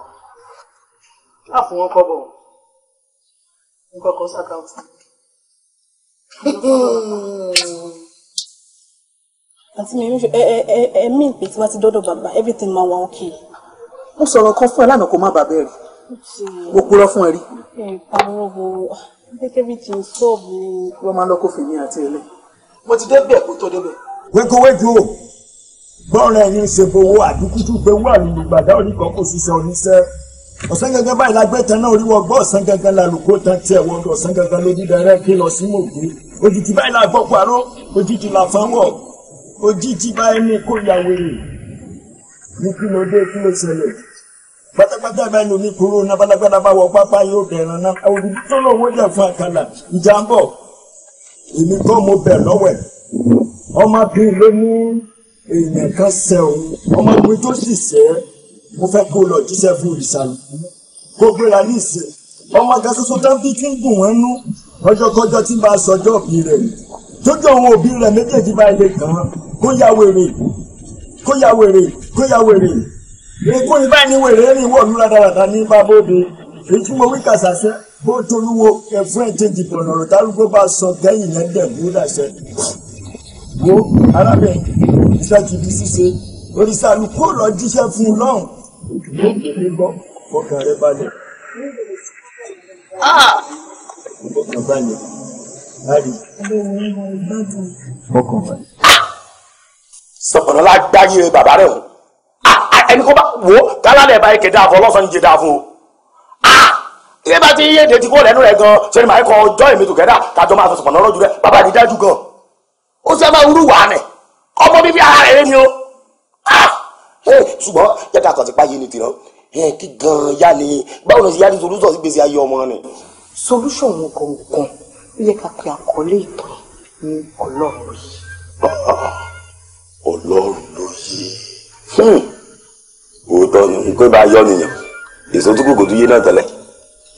má fún wọn kọ́bọ̀ nǹkan kan ṣàkàtì. àti mi ẹ ẹ ẹ ẹ mí ìpè tí wọ́n ti dọ́dọ̀ bàbá everything máa wà okay. mo sọ̀rọ̀ kan fún ẹ lánàá kó má bàbá ẹ̀ rí mo purọ́ fún ẹ rí. ẹ pariwo kékeré ti ń sọ́ọ̀bù wọn máa lọ́kọ́ fèmí àti ẹlẹ́ mo ti débẹ̀ kó tó débẹ̀. wégowégo bọ́ọ̀rọ̀ ẹ̀yin ṣe bowó àdúkútù gbowó àlùmùgbàdá oníkan kò ṣiṣẹ́ oníṣẹ́ ọ̀sán gangan báyìí lágbẹ́tàn náà oríwọ̀ gbọ́ ọ̀sán gangan lálùkò tán tiẹ̀ wọ́n lọ ọ̀sán gangan lójú dẹrẹ́ kí lọ sí mògbé òjijì báyìí làgbọ́ parọ́ òjijì làfáwọ̀ òjijì báyìí ní kó yàwé ní kí ló dé kí ló ṣẹlẹ̀ pátápátá bá lomi kúrò náà balagbada bá wọ pápá yóò dẹ̀ràn náà òbí tó lówó dẹ̀ fún àkàlà ìjà ń bọ̀ èmi kọ́ mo bẹ̀ lọ́wẹ̀ ọmọbìnrin ló ní èèyàn kan sẹ òun ọmọbìnrin tó sì sẹ mo fẹ́ kó lọ jíṣẹ́ fún ìsàlù kó gbéra ní ìsẹ ọmọ kan ṣoṣo tó ń fi kí ń gùn wọn nú ọjọ́kọ́jọ́ tí bá a sọjọ́ òbí rẹ̀ tójú àwọn òbí rẹ̀ méjèèjì bá ilé kàn án kó yá wèrè kó yá wèrè kó yá wèrè ikú ibà ní wèrè rìn wọ̀lú rádaràdà ní bábóde ètò mo wí kàṣàṣẹ bó tolúwo ẹfún ẹjẹ dìbò lọ́rọ̀ tálùkọ bá sọ gẹyìn yẹn dẹbù dàṣẹ. wo arábìnrin iṣẹ́ ti di ṣíṣe oríṣàlù kó lọ jíṣẹ́ fún un lọ́hùn. yóò kéde gbọ́ fọkàn rẹ balẹ̀. Ah! fọkàn balẹ̀ láàrin. fọkàn balẹ̀. Ah! sọ̀kànnà lágbáyé bàbá rẹ̀ o ẹni kó bá wò ó kálálẹ̀ báyìí kẹ̀dá àfọ ọlọ́sàn yìí jẹ̀dá àfọ ilé bá ti yé de ti kó lẹ́nu rẹ̀ gan ṣe ni màá kọ ọjọ́ èmi tòkẹ́dà tàjọ máa sọ̀sọ̀ pọ̀nà ọlọ́jú rẹ̀ bàbá mi dájú gan ó sì máa wúrú wàá nẹ̀ ọmọ bíbí ara rẹ̀ ni o ṣùgbọ́n yàtọ̀ àkànṣe páyé ni tìrọ kí gan yá ni báwo ni yá ni solúsọ̀ sí gbèsè ayé ọmọ ni. solution wọn gangan ló yẹ ká pe àkọlé ìtàn ní ọlọ́run lóye. [LAUGHS] ọlọ́run lóye òótọ́ nǹkan bá yọ nìyàn èso tó kòkòtò yé náà tẹ́lẹ̀.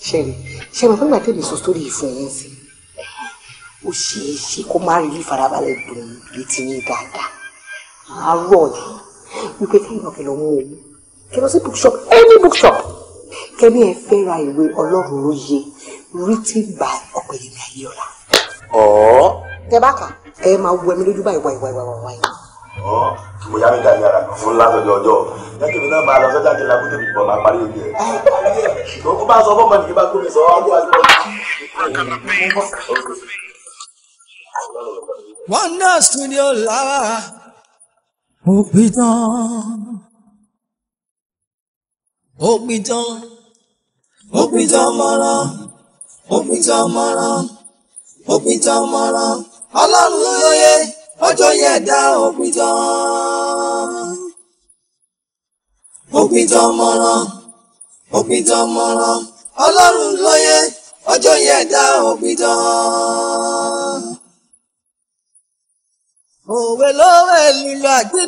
ṣẹlẹ ṣe mọ fún gbàtẹ́lẹ̀ sọ sórí ìfún yín sí ó ṣeé ṣe kó má rí ìfarabalẹ̀ dùn létí yín dáadáa àárọ̀ ni wípé kẹ́yìn náà kẹlọ́ mú owó kẹlọ́ sí bookshop any bookshop kẹ́mi ẹ fẹ́ ra ìwé ọlọ́run lóye written by ọ̀pẹ̀lẹ̀mí ayéọlá. ọ̀ọ́. tẹ bá kà ẹ máa wọ ẹmi lójú báyìí wáyìí wáyìí wáyìí mo yá mi dàbí ara fún látọjọ ọjọ́ lẹkẹmi náà máa lọ sọjà jẹlá kó tèmi bọ máa parí oúnjẹ. ṣùgbọ́n kó bá sọ fọ́mọ nìyí bá gómìnà sọ wájú àti bọ́ọ̀lù. Wonder Studio lára ó pidán ó pidán ó pidán mọ́ra ó pidán mọ́ra ó pidán mọ́ra ọlọ́run ló yẹ ọjọ́ yẹn dá òpin tán òpin tán mọ́rán òpin tán mọ́rán ọlọ́run ló yẹ ọjọ́ yẹn dá òpin tán. òwe lówẹ̀ lílo àgbẹ̀.